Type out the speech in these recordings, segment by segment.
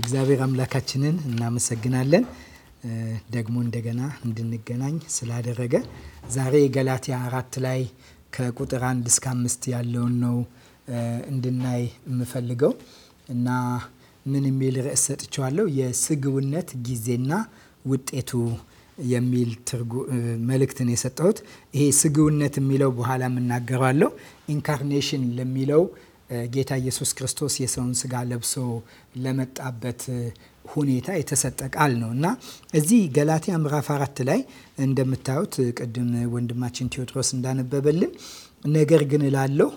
እግዚአብሔር አምላካችንን እናመሰግናለን ደግሞ እንደገና እንድንገናኝ ስላደረገ። ዛሬ ገላትያ አራት ላይ ከቁጥር አንድ እስከ አምስት ያለውን ነው እንድናይ የምፈልገው እና ምን የሚል ርዕስ ሰጥቸዋለሁ? የስግውነት ጊዜና ውጤቱ የሚል መልእክትን የሰጠሁት ይሄ ስግውነት የሚለው በኋላ የምናገረዋለሁ። ኢንካርኔሽን ለሚለው ጌታ ኢየሱስ ክርስቶስ የሰውን ስጋ ለብሶ ለመጣበት ሁኔታ የተሰጠ ቃል ነው እና እዚህ ገላትያ ምዕራፍ አራት ላይ እንደምታዩት ቅድም ወንድማችን ቴዎድሮስ እንዳነበበልን ነገር ግን እላለሁ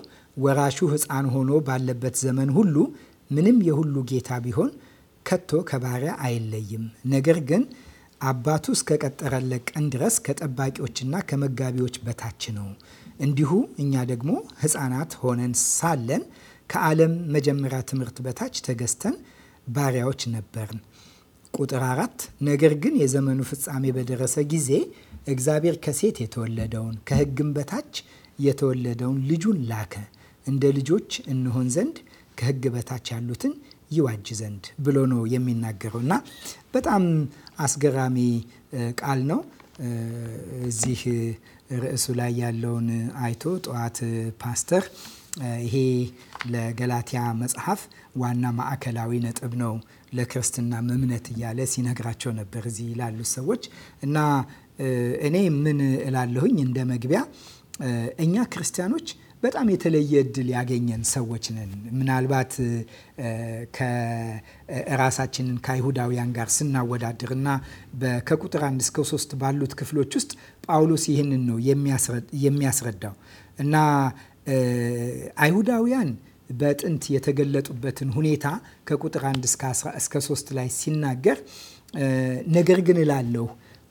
ወራሹ ሕፃን ሆኖ ባለበት ዘመን ሁሉ ምንም የሁሉ ጌታ ቢሆን ከቶ ከባሪያ አይለይም። ነገር ግን አባቱ እስከቀጠረለት ቀን ድረስ ከጠባቂዎችና ከመጋቢዎች በታች ነው እንዲሁ እኛ ደግሞ ሕፃናት ሆነን ሳለን ከዓለም መጀመሪያ ትምህርት በታች ተገዝተን ባሪያዎች ነበርን። ቁጥር አራት ነገር ግን የዘመኑ ፍጻሜ በደረሰ ጊዜ እግዚአብሔር ከሴት የተወለደውን ከሕግም በታች የተወለደውን ልጁን ላከ እንደ ልጆች እንሆን ዘንድ ከሕግ በታች ያሉትን ይዋጅ ዘንድ ብሎ ነው የሚናገረው እና በጣም አስገራሚ ቃል ነው እዚህ ርዕሱ ላይ ያለውን አይቶ ጠዋት ፓስተር ይሄ ለገላትያ መጽሐፍ ዋና ማዕከላዊ ነጥብ ነው ለክርስትና እምነት እያለ ሲነግራቸው ነበር እዚህ ላሉ ሰዎች እና እኔ ምን እላለሁኝ እንደ መግቢያ እኛ ክርስቲያኖች በጣም የተለየ እድል ያገኘን ሰዎች ነን። ምናልባት ከራሳችንን ከአይሁዳውያን ጋር ስናወዳድር እና ከቁጥር አንድ እስከ ሶስት ባሉት ክፍሎች ውስጥ ጳውሎስ ይህንን ነው የሚያስረዳው እና አይሁዳውያን በጥንት የተገለጡበትን ሁኔታ ከቁጥር አንድ እስከ ሶስት ላይ ሲናገር ነገር ግን እላለሁ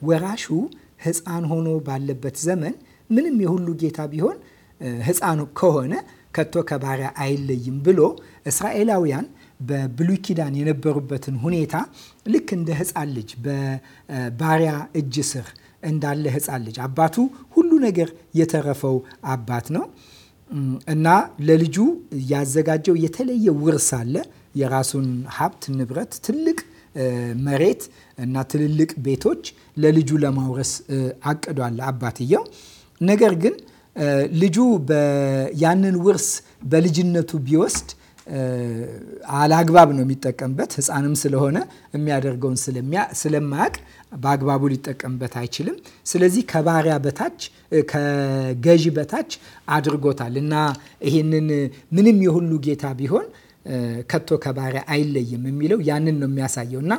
ወራሹ ሕፃን ሆኖ ባለበት ዘመን ምንም የሁሉ ጌታ ቢሆን ህፃኑ ከሆነ ከቶ ከባሪያ አይለይም ብሎ እስራኤላውያን በብሉይ ኪዳን የነበሩበትን ሁኔታ ልክ እንደ ህፃን ልጅ በባሪያ እጅ ስር እንዳለ ህፃን ልጅ አባቱ ሁሉ ነገር የተረፈው አባት ነው እና ለልጁ ያዘጋጀው የተለየ ውርስ አለ። የራሱን ሀብት ንብረት፣ ትልቅ መሬት እና ትልልቅ ቤቶች ለልጁ ለማውረስ አቅዷል አባትየው ነገር ግን ልጁ ያንን ውርስ በልጅነቱ ቢወስድ አላግባብ ነው የሚጠቀምበት። ህፃንም ስለሆነ የሚያደርገውን ስለማያቅ በአግባቡ ሊጠቀምበት አይችልም። ስለዚህ ከባሪያ በታች ከገዢ በታች አድርጎታል እና ይህንን ምንም የሁሉ ጌታ ቢሆን ከቶ ከባሪያ አይለይም የሚለው ያንን ነው የሚያሳየው እና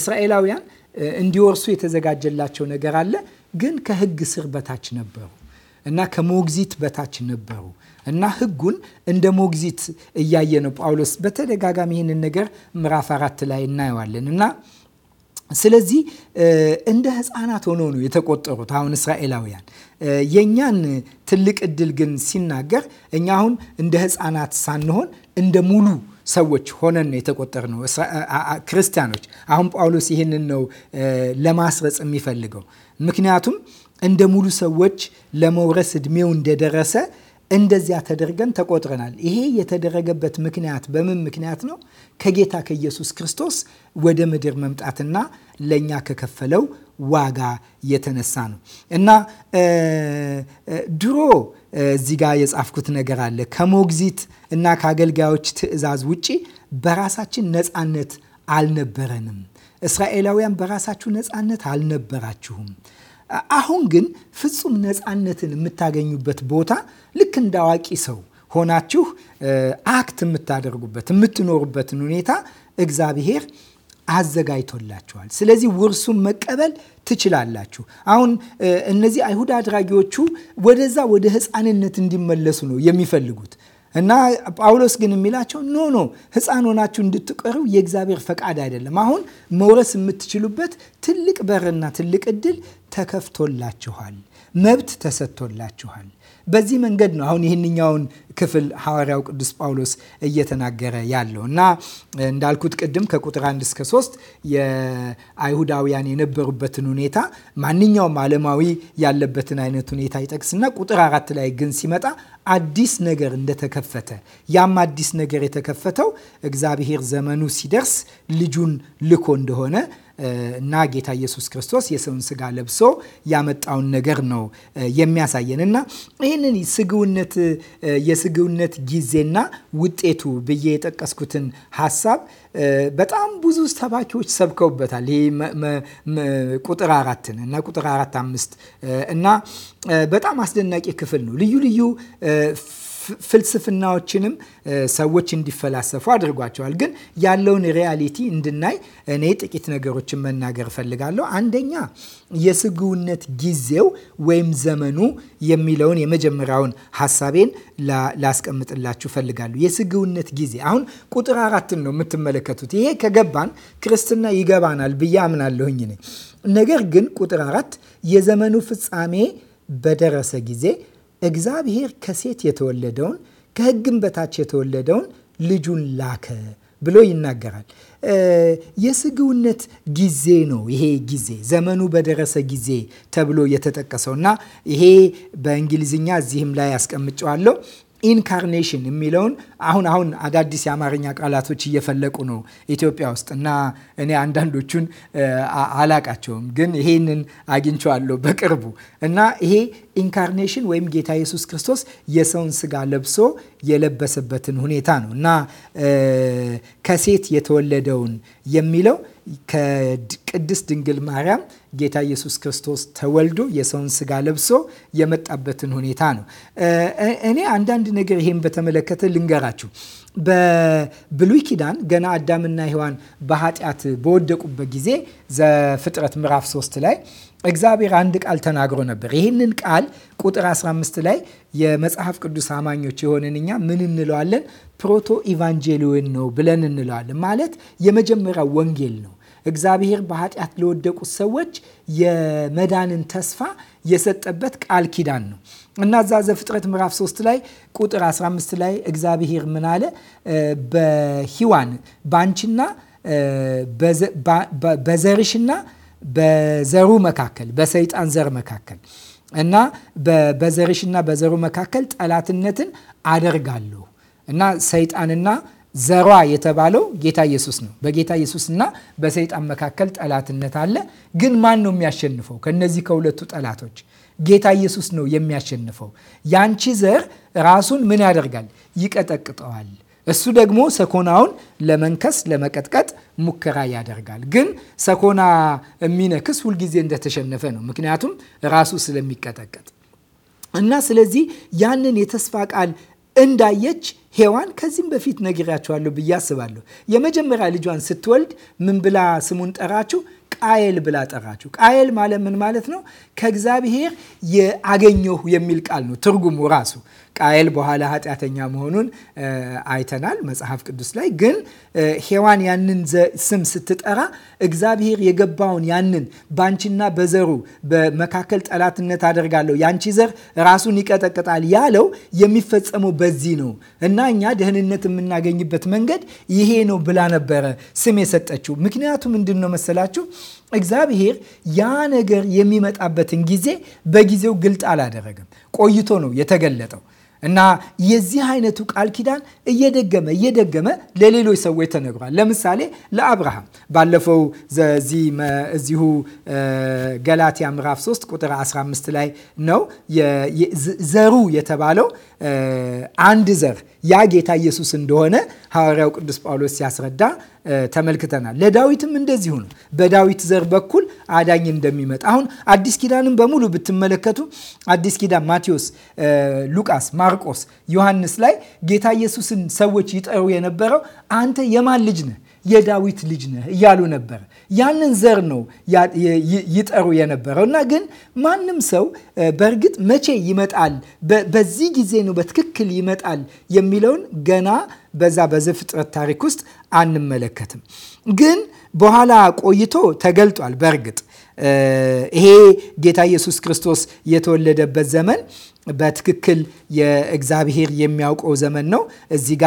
እስራኤላውያን እንዲወርሱ የተዘጋጀላቸው ነገር አለ፣ ግን ከህግ ስር በታች ነበሩ እና ከሞግዚት በታች ነበሩ እና ህጉን እንደ ሞግዚት እያየ ነው ጳውሎስ በተደጋጋሚ ይህንን ነገር ምዕራፍ አራት ላይ እናየዋለን እና ስለዚህ እንደ ህፃናት ሆኖ ነው የተቆጠሩት። አሁን እስራኤላውያን የእኛን ትልቅ እድል ግን ሲናገር እኛ አሁን እንደ ህፃናት ሳንሆን እንደ ሙሉ ሰዎች ሆነን ነው ነው ክርስቲያኖች። አሁን ጳውሎስ ይህንን ነው ለማስረጽ የሚፈልገው ምክንያቱም እንደ ሙሉ ሰዎች ለመውረስ እድሜው እንደደረሰ እንደዚያ ተደርገን ተቆጥረናል። ይሄ የተደረገበት ምክንያት በምን ምክንያት ነው? ከጌታ ከኢየሱስ ክርስቶስ ወደ ምድር መምጣትና ለእኛ ከከፈለው ዋጋ የተነሳ ነው እና ድሮ እዚህ ጋር የጻፍኩት ነገር አለ ከሞግዚት እና ከአገልጋዮች ትእዛዝ ውጪ በራሳችን ነፃነት አልነበረንም። እስራኤላውያን በራሳችሁ ነፃነት አልነበራችሁም አሁን ግን ፍጹም ነፃነትን የምታገኙበት ቦታ ልክ እንደ አዋቂ ሰው ሆናችሁ አክት የምታደርጉበት የምትኖሩበትን ሁኔታ እግዚአብሔር አዘጋጅቶላችኋል። ስለዚህ ውርሱን መቀበል ትችላላችሁ። አሁን እነዚህ አይሁድ አድራጊዎቹ ወደዛ ወደ ህፃንነት እንዲመለሱ ነው የሚፈልጉት። እና ጳውሎስ ግን የሚላቸው ኖ ኖ ህፃን ሆናችሁ እንድትቀሩ የእግዚአብሔር ፈቃድ አይደለም። አሁን መውረስ የምትችሉበት ትልቅ በርና ትልቅ እድል ተከፍቶላችኋል፣ መብት ተሰጥቶላችኋል። በዚህ መንገድ ነው አሁን ይህንኛውን ክፍል ሐዋርያው ቅዱስ ጳውሎስ እየተናገረ ያለው እና እንዳልኩት ቅድም ከቁጥር 1 እስከ 3 የአይሁዳውያን የነበሩበትን ሁኔታ ማንኛውም ዓለማዊ ያለበትን አይነት ሁኔታ ይጠቅስና ቁጥር አራት ላይ ግን ሲመጣ አዲስ ነገር እንደተከፈተ ያም አዲስ ነገር የተከፈተው እግዚአብሔር ዘመኑ ሲደርስ ልጁን ልኮ እንደሆነ እና ጌታ ኢየሱስ ክርስቶስ የሰውን ስጋ ለብሶ ያመጣውን ነገር ነው የሚያሳየን እና ይህንን ስግውነት የስግውነት ጊዜና ውጤቱ ብዬ የጠቀስኩትን ሀሳብ በጣም ብዙ ሰባኪዎች ሰብከውበታል። ይህ ቁጥር አራትን እና ቁጥር አራት አምስት እና በጣም አስደናቂ ክፍል ነው ልዩ ልዩ ፍልስፍናዎችንም ሰዎች እንዲፈላሰፉ አድርጓቸዋል። ግን ያለውን ሪያሊቲ እንድናይ እኔ ጥቂት ነገሮችን መናገር እፈልጋለሁ። አንደኛ የስግውነት ጊዜው ወይም ዘመኑ የሚለውን የመጀመሪያውን ሀሳቤን ላስቀምጥላችሁ እፈልጋለሁ። የስግውነት ጊዜ አሁን ቁጥር አራትን ነው የምትመለከቱት። ይሄ ከገባን ክርስትና ይገባናል ብዬ አምናለሁኝ ነኝ። ነገር ግን ቁጥር አራት የዘመኑ ፍጻሜ በደረሰ ጊዜ እግዚአብሔር ከሴት የተወለደውን ከሕግም በታች የተወለደውን ልጁን ላከ ብሎ ይናገራል። የስግውነት ጊዜ ነው። ይሄ ጊዜ ዘመኑ በደረሰ ጊዜ ተብሎ የተጠቀሰው እና ይሄ በእንግሊዝኛ እዚህም ላይ ያስቀምጨዋለሁ ኢንካርኔሽን የሚለውን አሁን አሁን አዳዲስ የአማርኛ ቃላቶች እየፈለቁ ነው ኢትዮጵያ ውስጥ እና እኔ አንዳንዶቹን አላቃቸውም፣ ግን ይሄንን አግኝቸዋለሁ በቅርቡ እና ይሄ ኢንካርኔሽን ወይም ጌታ ኢየሱስ ክርስቶስ የሰውን ስጋ ለብሶ የለበሰበትን ሁኔታ ነው እና ከሴት የተወለደውን የሚለው ከቅድስት ድንግል ማርያም ጌታ ኢየሱስ ክርስቶስ ተወልዶ የሰውን ስጋ ለብሶ የመጣበትን ሁኔታ ነው። እኔ አንዳንድ ነገር ይሄን በተመለከተ ልንገራችሁ። በብሉይ ኪዳን ገና አዳምና ሔዋን በኃጢአት በወደቁበት ጊዜ ዘፍጥረት ምዕራፍ 3 ላይ እግዚአብሔር አንድ ቃል ተናግሮ ነበር። ይህንን ቃል ቁጥር 15 ላይ የመጽሐፍ ቅዱስ አማኞች የሆንን እኛ ምን እንለዋለን? ፕሮቶ ኢቫንጀሊዮን ነው ብለን እንለዋለን። ማለት የመጀመሪያው ወንጌል ነው። እግዚአብሔር በኃጢአት ለወደቁት ሰዎች የመዳንን ተስፋ የሰጠበት ቃል ኪዳን ነው እና እዛ ዘፍጥረት ምዕራፍ 3 ላይ ቁጥር 15 ላይ እግዚአብሔር ምን አለ? በሂዋን በአንቺና በዘርሽና በዘሩ መካከል በሰይጣን ዘር መካከል እና በዘርሽና በዘሩ መካከል ጠላትነትን አደርጋለሁ እና ሰይጣንና ዘሯ የተባለው ጌታ ኢየሱስ ነው። በጌታ ኢየሱስና በሰይጣን መካከል ጠላትነት አለ። ግን ማን ነው የሚያሸንፈው? ከነዚህ ከሁለቱ ጠላቶች ጌታ ኢየሱስ ነው የሚያሸንፈው። ያንቺ ዘር ራሱን ምን ያደርጋል? ይቀጠቅጠዋል እሱ ደግሞ ሰኮናውን ለመንከስ ለመቀጥቀጥ ሙከራ ያደርጋል። ግን ሰኮና የሚነክስ ሁልጊዜ እንደተሸነፈ ነው። ምክንያቱም ራሱ ስለሚቀጠቀጥ እና ስለዚህ ያንን የተስፋ ቃል እንዳየች ሔዋን ከዚህም በፊት ነግሬያችኋለሁ ብዬ አስባለሁ። የመጀመሪያ ልጇን ስትወልድ ምን ብላ ስሙን ጠራችው? ቃየል ብላ ጠራችሁ። ቃየል ማለት ምን ማለት ነው? ከእግዚአብሔር የአገኘሁ የሚል ቃል ነው ትርጉሙ ራሱ። ቃየል በኋላ ኃጢአተኛ መሆኑን አይተናል መጽሐፍ ቅዱስ ላይ። ግን ሔዋን ያንን ስም ስትጠራ እግዚአብሔር የገባውን ያንን በአንቺና በዘሩ በመካከል ጠላትነት አደርጋለሁ፣ ያንቺ ዘር ራሱን ይቀጠቅጣል ያለው የሚፈጸመው በዚህ ነው እና እኛ ደህንነት የምናገኝበት መንገድ ይሄ ነው ብላ ነበረ ስም የሰጠችው። ምክንያቱ ምንድን ነው መሰላችሁ? እግዚአብሔር ያ ነገር የሚመጣበትን ጊዜ በጊዜው ግልጥ አላደረገም። ቆይቶ ነው የተገለጠው እና የዚህ አይነቱ ቃል ኪዳን እየደገመ እየደገመ ለሌሎች ሰዎች ተነግሯል። ለምሳሌ ለአብርሃም ባለፈው እዚሁ ገላትያ ምዕራፍ 3 ቁጥር 15 ላይ ነው ዘሩ የተባለው አንድ ዘር ያ ጌታ ኢየሱስ እንደሆነ ሐዋርያው ቅዱስ ጳውሎስ ሲያስረዳ ተመልክተናል። ለዳዊትም እንደዚሁ ነው። በዳዊት ዘር በኩል አዳኝ እንደሚመጣ አሁን አዲስ ኪዳንን በሙሉ ብትመለከቱ አዲስ ኪዳን ማቴዎስ፣ ሉቃስ፣ ማርቆስ፣ ዮሐንስ ላይ ጌታ ኢየሱስን ሰዎች ይጠሩ የነበረው አንተ የማን ልጅ ነህ? የዳዊት ልጅ ነህ እያሉ ነበር። ያንን ዘር ነው ይጠሩ የነበረው እና ግን ማንም ሰው በእርግጥ መቼ ይመጣል፣ በዚህ ጊዜ ነው በትክክል ይመጣል የሚለውን ገና በዛ በዘፍጥረት ታሪክ ውስጥ አንመለከትም። ግን በኋላ ቆይቶ ተገልጧል። በእርግጥ ይሄ ጌታ ኢየሱስ ክርስቶስ የተወለደበት ዘመን በትክክል የእግዚአብሔር የሚያውቀው ዘመን ነው። እዚህ ጋ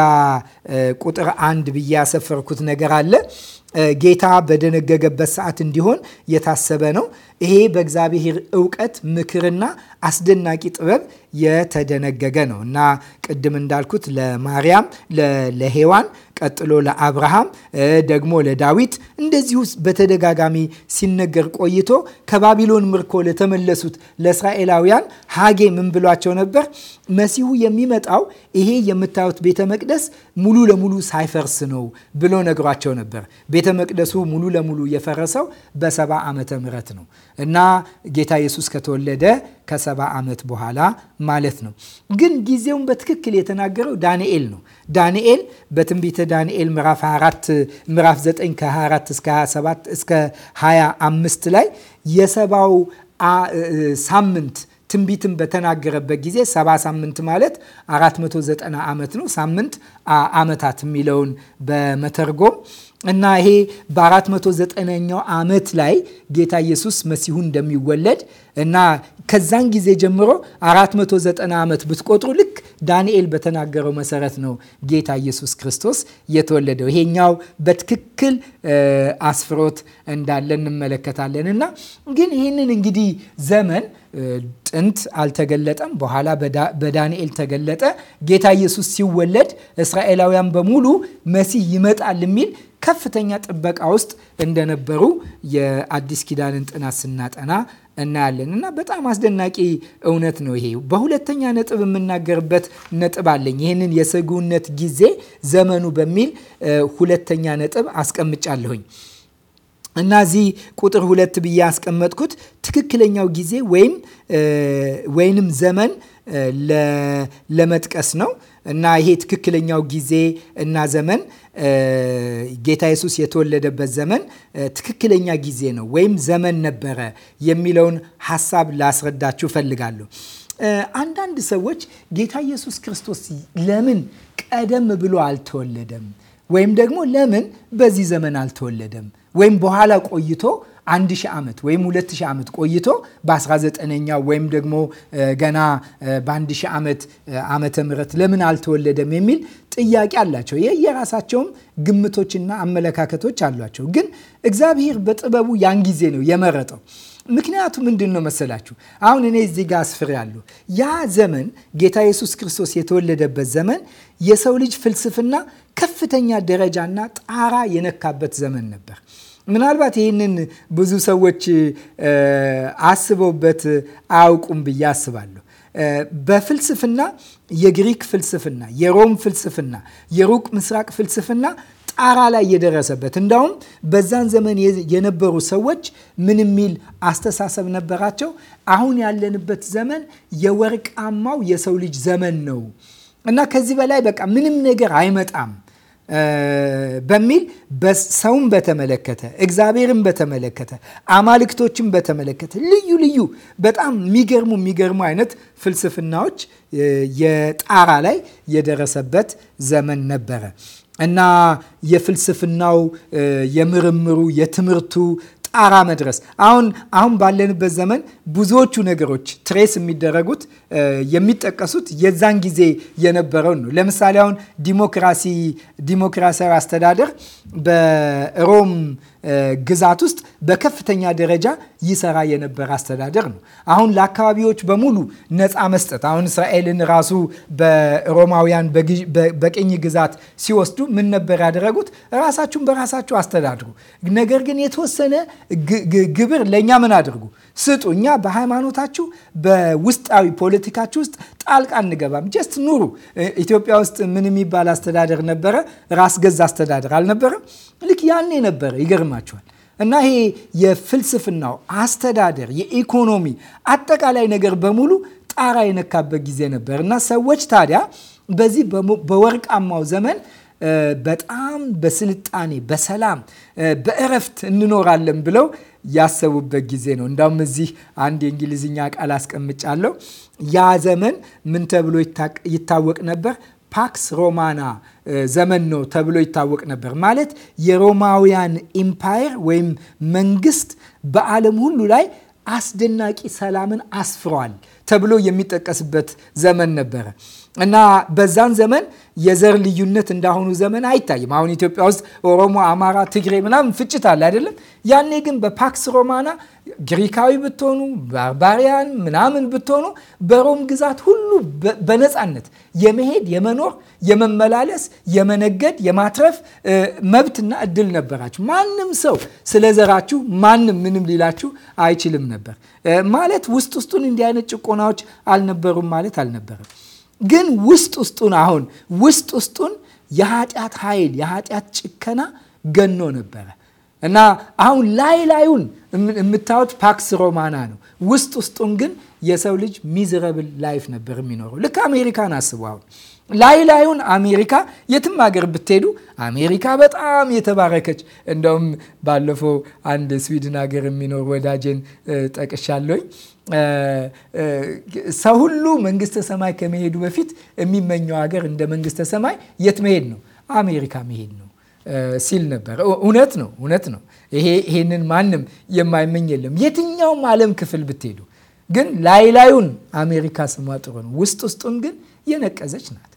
ቁጥር አንድ ብዬ ያሰፈርኩት ነገር አለ። ጌታ በደነገገበት ሰዓት እንዲሆን የታሰበ ነው። ይሄ በእግዚአብሔር እውቀት ምክርና አስደናቂ ጥበብ የተደነገገ ነው እና ቅድም እንዳልኩት ለማርያም፣ ለሔዋን ቀጥሎ ለአብርሃም ደግሞ ለዳዊት እንደዚሁ በተደጋጋሚ ሲነገር ቆይቶ ከባቢሎን ምርኮ ለተመለሱት ለእስራኤላውያን ሀጌ ምን ብሏቸው ነበር? መሲሁ የሚመጣው ይሄ የምታዩት ቤተ መቅደስ ሙሉ ለሙሉ ሳይፈርስ ነው ብሎ ነግሯቸው ነበር። ቤተ መቅደሱ ሙሉ ለሙሉ የፈረሰው በሰባ ዓመተ ምህረት ነው እና ጌታ ኢየሱስ ከተወለደ ከሰባ ዓመት በኋላ ማለት ነው። ግን ጊዜውን በትክክል የተናገረው ዳንኤል ነው። ዳንኤል በትንቢተ ዳንኤል ምዕራፍ 24 ምዕራፍ 9 ከ24 እስከ 27 እስከ 25 ላይ የሰባው ሳምንት ትንቢትን በተናገረበት ጊዜ ሰባ ሳምንት ማለት 490 ዓመት ነው። ሳምንት ዓመታት የሚለውን በመተርጎም እና ይሄ በአራት መቶ ኛው ዓመት ላይ ጌታ ኢየሱስ መሲሁ እንደሚወለድ እና ከዛን ጊዜ ጀምሮ 490 ዓመት ብትቆጥሩ ልክ ዳንኤል በተናገረው መሰረት ነው ጌታ ኢየሱስ ክርስቶስ የተወለደው። ይሄኛው በትክክል አስፍሮት እንዳለ እንመለከታለን እና ግን ይህንን እንግዲህ ዘመን ጥንት አልተገለጠም፣ በኋላ በዳንኤል ተገለጠ። ጌታ ኢየሱስ ሲወለድ እስራኤላውያን በሙሉ መሲህ ይመጣል የሚል ከፍተኛ ጥበቃ ውስጥ እንደነበሩ የአዲስ ኪዳንን ጥናት ስናጠና እናያለን እና በጣም አስደናቂ እውነት ነው ይሄ። በሁለተኛ ነጥብ የምናገርበት ነጥብ አለኝ። ይህንን የሰጉነት ጊዜ ዘመኑ በሚል ሁለተኛ ነጥብ አስቀምጫለሁኝ እና እዚህ ቁጥር ሁለት ብዬ ያስቀመጥኩት ትክክለኛው ጊዜ ወይም ወይንም ዘመን ለመጥቀስ ነው። እና ይሄ ትክክለኛው ጊዜ እና ዘመን ጌታ ኢየሱስ የተወለደበት ዘመን ትክክለኛ ጊዜ ነው ወይም ዘመን ነበረ የሚለውን ሀሳብ ላስረዳችሁ ፈልጋለሁ። አንዳንድ ሰዎች ጌታ ኢየሱስ ክርስቶስ ለምን ቀደም ብሎ አልተወለደም ወይም ደግሞ ለምን በዚህ ዘመን አልተወለደም ወይም በኋላ ቆይቶ አንድ ሺህ ዓመት ወይም ሁለት ሺህ ዓመት ቆይቶ በ19ኛው ወይም ደግሞ ገና በአንድ ሺህ ዓመት ዓመተ ምህረት ለምን አልተወለደም የሚል ጥያቄ አላቸው። የየራሳቸውም ግምቶችና አመለካከቶች አሏቸው። ግን እግዚአብሔር በጥበቡ ያን ጊዜ ነው የመረጠው። ምክንያቱ ምንድን ነው መሰላችሁ? አሁን እኔ እዚህ ጋር ያሉ ያ ዘመን ጌታ ኢየሱስ ክርስቶስ የተወለደበት ዘመን የሰው ልጅ ፍልስፍና ከፍተኛ ደረጃና ጣራ የነካበት ዘመን ነበር። ምናልባት ይህንን ብዙ ሰዎች አስበውበት አያውቁም ብዬ አስባለሁ። በፍልስፍና የግሪክ ፍልስፍና፣ የሮም ፍልስፍና፣ የሩቅ ምስራቅ ፍልስፍና ጣራ ላይ የደረሰበት እንዳውም በዛን ዘመን የነበሩ ሰዎች ምን የሚል አስተሳሰብ ነበራቸው? አሁን ያለንበት ዘመን የወርቃማው የሰው ልጅ ዘመን ነው እና ከዚህ በላይ በቃ ምንም ነገር አይመጣም በሚል ሰውን በተመለከተ እግዚአብሔርን በተመለከተ አማልክቶችን በተመለከተ ልዩ ልዩ በጣም የሚገርሙ የሚገርሙ አይነት ፍልስፍናዎች የጣራ ላይ የደረሰበት ዘመን ነበረ እና የፍልስፍናው የምርምሩ የትምህርቱ ጣራ መድረስ። አሁን አሁን ባለንበት ዘመን ብዙዎቹ ነገሮች ትሬስ የሚደረጉት የሚጠቀሱት የዛን ጊዜ የነበረውን ነው። ለምሳሌ አሁን ዲሞክራሲ ዲሞክራሲያዊ አስተዳደር በሮም ግዛት ውስጥ በከፍተኛ ደረጃ ይሰራ የነበረ አስተዳደር ነው። አሁን ለአካባቢዎች በሙሉ ነፃ መስጠት አሁን እስራኤልን ራሱ በሮማውያን በቅኝ ግዛት ሲወስዱ ምን ነበር ያደረጉት? ራሳችሁን በራሳችሁ አስተዳድሩ፣ ነገር ግን የተወሰነ ግብር ለእኛ ምን አድርጉ ስጡ። እኛ በሃይማኖታችሁ በውስጣዊ ፖለቲካችሁ ውስጥ ጣልቃ አንገባም። ጀስት ኑሩ። ኢትዮጵያ ውስጥ ምን የሚባል አስተዳደር ነበረ? ራስ ገዝ አስተዳደር አልነበረም? ልክ ያኔ ነበረ። ይገርማችኋል። እና ይሄ የፍልስፍናው አስተዳደር፣ የኢኮኖሚ አጠቃላይ ነገር በሙሉ ጣራ የነካበት ጊዜ ነበር እና ሰዎች ታዲያ በዚህ በወርቃማው ዘመን በጣም በስልጣኔ በሰላም በእረፍት እንኖራለን ብለው ያሰቡበት ጊዜ ነው። እንዳውም እዚህ አንድ የእንግሊዝኛ ቃል አስቀምጫለሁ። ያ ዘመን ምን ተብሎ ይታወቅ ነበር? ፓክስ ሮማና ዘመን ነው ተብሎ ይታወቅ ነበር። ማለት የሮማውያን ኢምፓየር ወይም መንግስት በዓለም ሁሉ ላይ አስደናቂ ሰላምን አስፍሯል ተብሎ የሚጠቀስበት ዘመን ነበረ እና በዛን ዘመን የዘር ልዩነት እንዳሁኑ ዘመን አይታይም። አሁን ኢትዮጵያ ውስጥ ኦሮሞ፣ አማራ፣ ትግሬ ምናምን ፍጭት አለ አይደለም? ያኔ ግን በፓክስ ሮማና ግሪካዊ ብትሆኑ ባርባሪያን ምናምን ብትሆኑ በሮም ግዛት ሁሉ በነፃነት የመሄድ የመኖር፣ የመመላለስ፣ የመነገድ፣ የማትረፍ መብትና እድል ነበራችሁ። ማንም ሰው ስለ ዘራችሁ ማንም ምንም ሊላችሁ አይችልም ነበር። ማለት ውስጥ ውስጡን እንዲህ አይነት ጭቆናዎች አልነበሩም ማለት አልነበረም። ግን ውስጥ ውስጡን አሁን ውስጥ ውስጡን የኃጢአት ኃይል የኃጢአት ጭከና ገኖ ነበረ እና አሁን ላይ ላዩን የምታዩት ፓክስ ሮማና ነው። ውስጥ ውስጡን ግን የሰው ልጅ ሚዝረብል ላይፍ ነበር የሚኖረው። ልክ አሜሪካን አስቡ። አሁን ላይ ላዩን አሜሪካ የትም ሀገር ብትሄዱ አሜሪካ በጣም የተባረከች እንደውም ባለፈው አንድ ስዊድን ሀገር የሚኖር ወዳጄን ጠቅሻለኝ ሰው ሁሉ መንግስተ ሰማይ ከመሄዱ በፊት የሚመኘው ሀገር እንደ መንግስተ ሰማይ የት መሄድ ነው? አሜሪካ መሄድ ነው ሲል ነበር። እውነት ነው፣ እውነት ነው። ይሄ ይሄንን ማንም የማይመኝ የለም። የትኛውም ዓለም ክፍል ብትሄዱ ግን ላይ ላዩን አሜሪካ ስሟ ጥሩ ነው፣ ውስጥ ውስጡን ግን የነቀዘች ናት።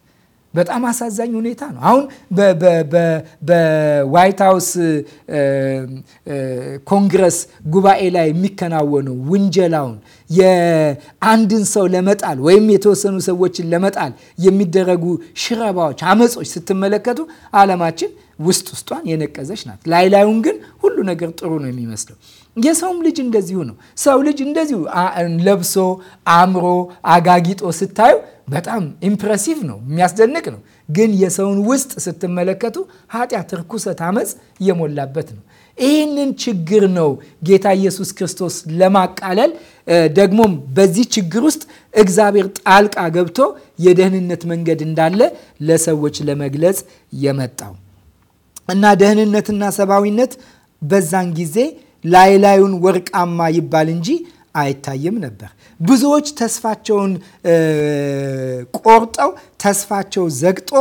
በጣም አሳዛኝ ሁኔታ ነው። አሁን በዋይት ሀውስ ኮንግረስ ጉባኤ ላይ የሚከናወነው ውንጀላውን የአንድን ሰው ለመጣል ወይም የተወሰኑ ሰዎችን ለመጣል የሚደረጉ ሽረባዎች፣ አመጾች ስትመለከቱ አለማችን ውስጥ ውስጧን የነቀዘች ናት። ላይ ላዩን ግን ሁሉ ነገር ጥሩ ነው የሚመስለው። የሰውም ልጅ እንደዚሁ ነው። ሰው ልጅ እንደዚሁ ለብሶ አምሮ አጋጊጦ ስታዩ በጣም ኢምፕሬሲቭ ነው፣ የሚያስደንቅ ነው። ግን የሰውን ውስጥ ስትመለከቱ ኃጢአት፣ ርኩሰት፣ አመፅ የሞላበት ነው። ይህንን ችግር ነው ጌታ ኢየሱስ ክርስቶስ ለማቃለል ደግሞም በዚህ ችግር ውስጥ እግዚአብሔር ጣልቃ ገብቶ የደህንነት መንገድ እንዳለ ለሰዎች ለመግለጽ የመጣው እና ደህንነትና ሰብአዊነት በዛን ጊዜ ላይ ላዩን ወርቃማ ይባል እንጂ አይታይም ነበር። ብዙዎች ተስፋቸውን ቆርጠው ተስፋቸው ዘግጦ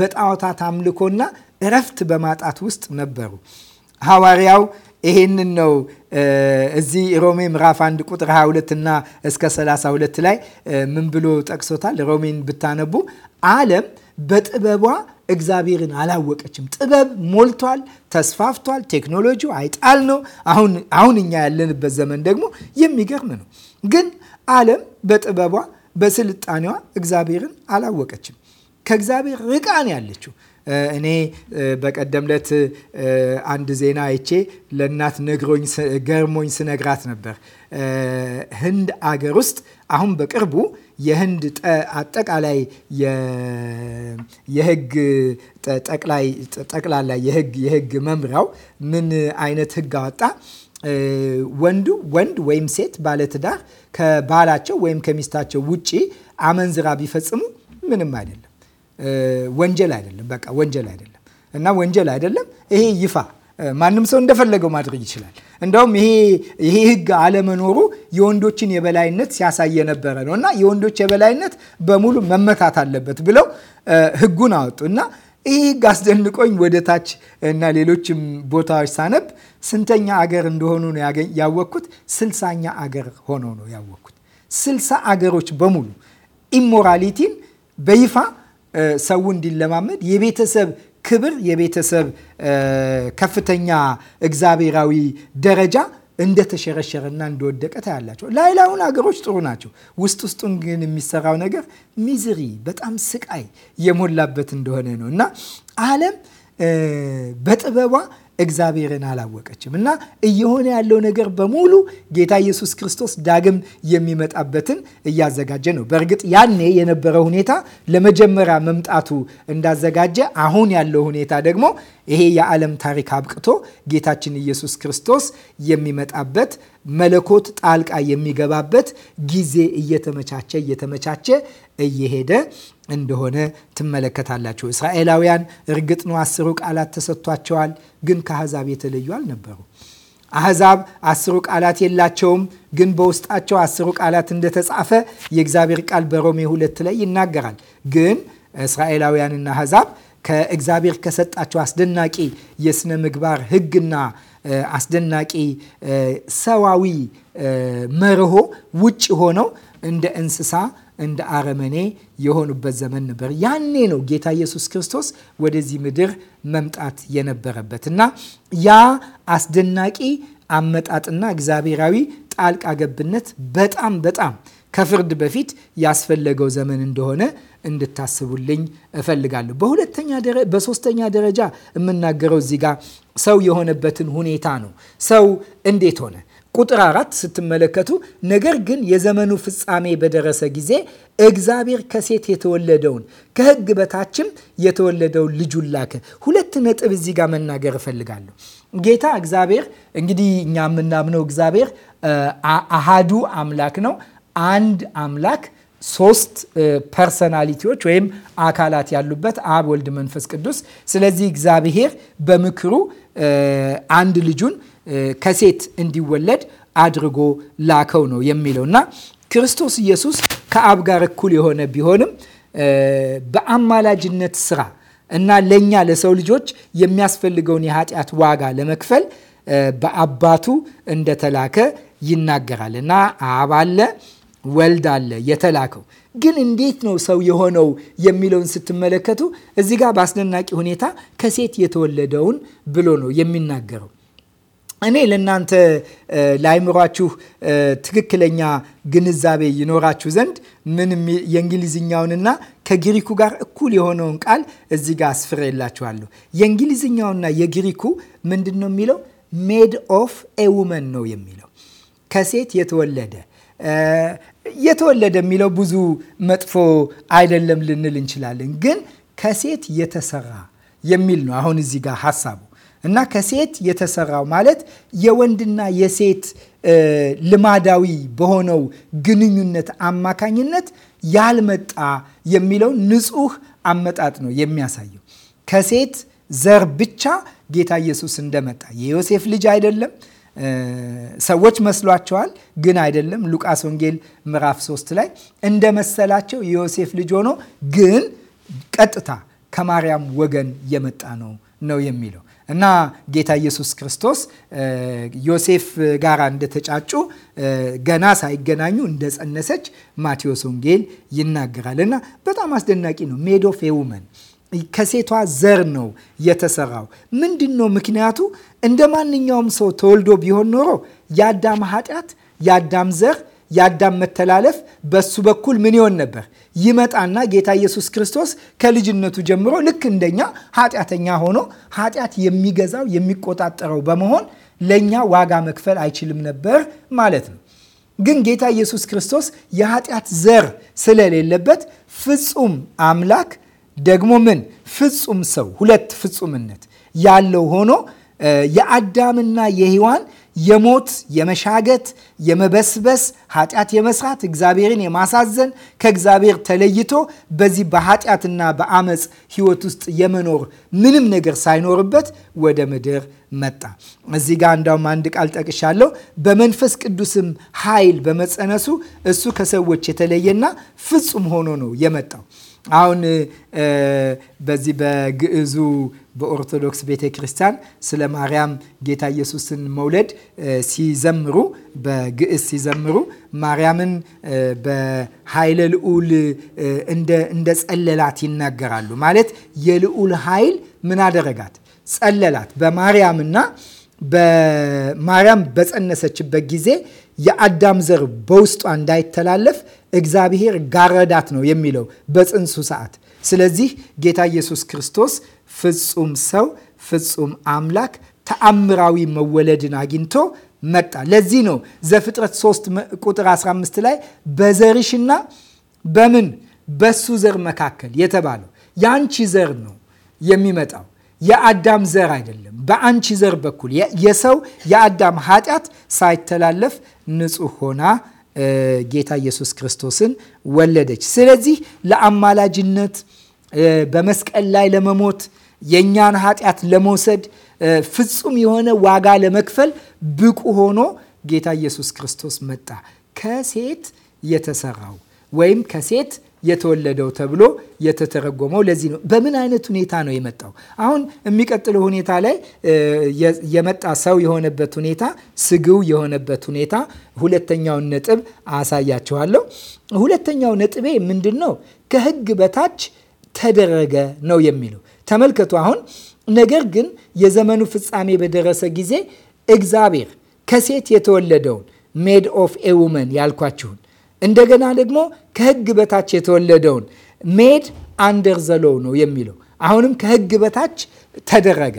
በጣዖታት አምልኮና እረፍት በማጣት ውስጥ ነበሩ። ሐዋርያው ይሄንን ነው እዚህ ሮሜ ምዕራፍ 1 ቁጥር 22 እና እስከ 32 ላይ ምን ብሎ ጠቅሶታል? ሮሜን ብታነቡ ዓለም በጥበቧ እግዚአብሔርን አላወቀችም። ጥበብ ሞልቷል፣ ተስፋፍቷል። ቴክኖሎጂው አይጣል ነው። አሁን እኛ ያለንበት ዘመን ደግሞ የሚገርም ነው። ግን ዓለም በጥበቧ በስልጣኔዋ እግዚአብሔርን አላወቀችም። ከእግዚአብሔር ርቃን ያለችው እኔ በቀደምለት አንድ ዜና አይቼ ለእናት ነግሮኝ ገርሞኝ ስነግራት ነበር። ህንድ አገር ውስጥ አሁን በቅርቡ የህንድ አጠቃላይ የህግ ጠቅላላ የህግ የህግ መምሪያው ምን አይነት ህግ አወጣ? ወንዱ ወንድ ወይም ሴት ባለትዳር ከባላቸው ወይም ከሚስታቸው ውጪ አመንዝራ ቢፈጽሙ ምንም አይደለም፣ ወንጀል አይደለም። በቃ ወንጀል አይደለም እና ወንጀል አይደለም ይሄ ይፋ ማንም ሰው እንደፈለገው ማድረግ ይችላል። እንደውም ይሄ ህግ አለመኖሩ የወንዶችን የበላይነት ሲያሳይ የነበረ ነው እና የወንዶች የበላይነት በሙሉ መመታት አለበት ብለው ህጉን አወጡ እና ይህ ህግ አስደንቆኝ ወደ ታች እና ሌሎችም ቦታዎች ሳነብ ስንተኛ አገር እንደሆኑ ነው ያወቅኩት። ስልሳኛ አገር ሆኖ ነው ያወቅኩት። ስልሳ አገሮች በሙሉ ኢሞራሊቲን በይፋ ሰው እንዲለማመድ የቤተሰብ ክብር የቤተሰብ ከፍተኛ እግዚአብሔራዊ ደረጃ እንደተሸረሸረና እንደወደቀ ታያላቸው። ላይላውን አገሮች ጥሩ ናቸው። ውስጥ ውስጡን ግን የሚሰራው ነገር ሚዝሪ፣ በጣም ስቃይ የሞላበት እንደሆነ ነው እና ዓለም በጥበቧ እግዚአብሔርን አላወቀችም እና እየሆነ ያለው ነገር በሙሉ ጌታ ኢየሱስ ክርስቶስ ዳግም የሚመጣበትን እያዘጋጀ ነው። በእርግጥ ያኔ የነበረ ሁኔታ ለመጀመሪያ መምጣቱ እንዳዘጋጀ፣ አሁን ያለው ሁኔታ ደግሞ ይሄ የዓለም ታሪክ አብቅቶ ጌታችን ኢየሱስ ክርስቶስ የሚመጣበት መለኮት ጣልቃ የሚገባበት ጊዜ እየተመቻቸ እየተመቻቸ እየሄደ እንደሆነ ትመለከታላችሁ። እስራኤላውያን እርግጥ ነው አስሩ ቃላት ተሰጥቷቸዋል፣ ግን ከአሕዛብ የተለዩ አልነበሩ። አሕዛብ አስሩ ቃላት የላቸውም፣ ግን በውስጣቸው አስሩ ቃላት እንደተጻፈ የእግዚአብሔር ቃል በሮሜ ሁለት ላይ ይናገራል። ግን እስራኤላውያንና አሕዛብ ከእግዚአብሔር ከሰጣቸው አስደናቂ የሥነ ምግባር ሕግና አስደናቂ ሰዋዊ መርሆ ውጭ ሆነው እንደ እንስሳ እንደ አረመኔ የሆኑበት ዘመን ነበር። ያኔ ነው ጌታ ኢየሱስ ክርስቶስ ወደዚህ ምድር መምጣት የነበረበት እና ያ አስደናቂ አመጣጥና እግዚአብሔራዊ ጣልቃ ገብነት በጣም በጣም ከፍርድ በፊት ያስፈለገው ዘመን እንደሆነ እንድታስቡልኝ እፈልጋለሁ። በሁለተኛ በሶስተኛ ደረጃ የምናገረው እዚህ ጋር ሰው የሆነበትን ሁኔታ ነው። ሰው እንዴት ሆነ? ቁጥር አራት ስትመለከቱ ነገር ግን የዘመኑ ፍጻሜ በደረሰ ጊዜ እግዚአብሔር ከሴት የተወለደውን ከሕግ በታችም የተወለደውን ልጁን ላከ። ሁለት ነጥብ እዚህ ጋር መናገር እፈልጋለሁ። ጌታ እግዚአብሔር እንግዲህ እኛ የምናምነው እግዚአብሔር አሃዱ አምላክ ነው። አንድ አምላክ ሶስት ፐርሰናሊቲዎች ወይም አካላት ያሉበት አብ፣ ወልድ፣ መንፈስ ቅዱስ። ስለዚህ እግዚአብሔር በምክሩ አንድ ልጁን ከሴት እንዲወለድ አድርጎ ላከው ነው የሚለው እና ክርስቶስ ኢየሱስ ከአብ ጋር እኩል የሆነ ቢሆንም በአማላጅነት ስራ እና ለእኛ ለሰው ልጆች የሚያስፈልገውን የኃጢአት ዋጋ ለመክፈል በአባቱ እንደተላከ ይናገራል እና አብ አለ ወልድ አለ የተላከው። ግን እንዴት ነው ሰው የሆነው የሚለውን ስትመለከቱ እዚህ ጋር በአስደናቂ ሁኔታ ከሴት የተወለደውን ብሎ ነው የሚናገረው። እኔ ለእናንተ ለአይምሯችሁ ትክክለኛ ግንዛቤ ይኖራችሁ ዘንድ ምን የእንግሊዝኛውንና ከግሪኩ ጋር እኩል የሆነውን ቃል እዚህ ጋር አስፍሬላችኋለሁ። የእንግሊዝኛውና የግሪኩ ምንድን ነው የሚለው? ሜድ ኦፍ ኤ ውመን ነው የሚለው ከሴት የተወለደ የተወለደ የሚለው ብዙ መጥፎ አይደለም ልንል እንችላለን። ግን ከሴት የተሰራ የሚል ነው አሁን እዚህ ጋር ሀሳቡ እና ከሴት የተሰራው ማለት የወንድና የሴት ልማዳዊ በሆነው ግንኙነት አማካኝነት ያልመጣ የሚለው ንጹህ አመጣጥ ነው የሚያሳየው። ከሴት ዘር ብቻ ጌታ ኢየሱስ እንደመጣ የዮሴፍ ልጅ አይደለም ሰዎች መስሏቸዋል፣ ግን አይደለም። ሉቃስ ወንጌል ምዕራፍ 3 ላይ እንደ መሰላቸው የዮሴፍ ልጅ ሆኖ ግን ቀጥታ ከማርያም ወገን የመጣ ነው ነው የሚለው እና ጌታ ኢየሱስ ክርስቶስ ዮሴፍ ጋር እንደተጫጩ ገና ሳይገናኙ እንደጸነሰች ማቴዎስ ወንጌል ይናገራል። እና በጣም አስደናቂ ነው ሜድ ኦፍ ኤ ውመን ከሴቷ ዘር ነው የተሰራው። ምንድን ነው ምክንያቱ? እንደ ማንኛውም ሰው ተወልዶ ቢሆን ኖሮ የአዳም ኃጢአት፣ የአዳም ዘር፣ የአዳም መተላለፍ በሱ በኩል ምን ይሆን ነበር? ይመጣና ጌታ ኢየሱስ ክርስቶስ ከልጅነቱ ጀምሮ ልክ እንደኛ ኃጢአተኛ ሆኖ ኃጢአት የሚገዛው የሚቆጣጠረው በመሆን ለእኛ ዋጋ መክፈል አይችልም ነበር ማለት ነው። ግን ጌታ ኢየሱስ ክርስቶስ የኃጢአት ዘር ስለሌለበት ፍጹም አምላክ ደግሞ ምን ፍጹም ሰው ሁለት ፍጹምነት ያለው ሆኖ የአዳምና የሔዋን የሞት የመሻገት የመበስበስ ኃጢአት የመስራት እግዚአብሔርን የማሳዘን ከእግዚአብሔር ተለይቶ በዚህ በኃጢአትና በአመፅ ህይወት ውስጥ የመኖር ምንም ነገር ሳይኖርበት ወደ ምድር መጣ። እዚህ ጋር እንዳውም አንድ ቃል ጠቅሻለሁ። በመንፈስ ቅዱስም ኃይል በመጸነሱ እሱ ከሰዎች የተለየና ፍጹም ሆኖ ነው የመጣው። አሁን በዚህ በግዕዙ በኦርቶዶክስ ቤተ ክርስቲያን ስለ ማርያም ጌታ ኢየሱስን መውለድ ሲዘምሩ በግዕዝ ሲዘምሩ ማርያምን በኃይለ ልዑል እንደ ጸለላት ይናገራሉ። ማለት የልዑል ኃይል ምን አደረጋት? ጸለላት። በማርያምና በማርያም በጸነሰችበት ጊዜ የአዳም ዘር በውስጧ እንዳይተላለፍ እግዚአብሔር ጋረዳት ነው የሚለው በጽንሱ ሰዓት። ስለዚህ ጌታ ኢየሱስ ክርስቶስ ፍጹም ሰው፣ ፍጹም አምላክ ተአምራዊ መወለድን አግኝቶ መጣ። ለዚህ ነው ዘፍጥረት 3 ቁጥር 15 ላይ በዘርሽና በምን በሱ ዘር መካከል የተባለው የአንቺ ዘር ነው የሚመጣው የአዳም ዘር አይደለም። በአንቺ ዘር በኩል የሰው የአዳም ኃጢአት ሳይተላለፍ ንጹህ ሆና ጌታ ኢየሱስ ክርስቶስን ወለደች። ስለዚህ ለአማላጅነት በመስቀል ላይ ለመሞት የእኛን ኃጢአት ለመውሰድ ፍጹም የሆነ ዋጋ ለመክፈል ብቁ ሆኖ ጌታ ኢየሱስ ክርስቶስ መጣ። ከሴት የተሰራው ወይም ከሴት የተወለደው ተብሎ የተተረጎመው ለዚህ ነው። በምን አይነት ሁኔታ ነው የመጣው? አሁን የሚቀጥለው ሁኔታ ላይ የመጣ ሰው የሆነበት ሁኔታ፣ ስግው የሆነበት ሁኔታ ሁለተኛውን ነጥብ አሳያችኋለሁ። ሁለተኛው ነጥቤ ምንድን ነው? ከህግ በታች ተደረገ ነው የሚለው ተመልከቱ። አሁን ነገር ግን የዘመኑ ፍጻሜ በደረሰ ጊዜ እግዚአብሔር ከሴት የተወለደውን ሜድ ኦፍ ኤ ውመን ያልኳችሁን እንደገና ደግሞ ከህግ በታች የተወለደውን ሜድ አንደር ዘሎ ነው የሚለው አሁንም ከህግ በታች ተደረገ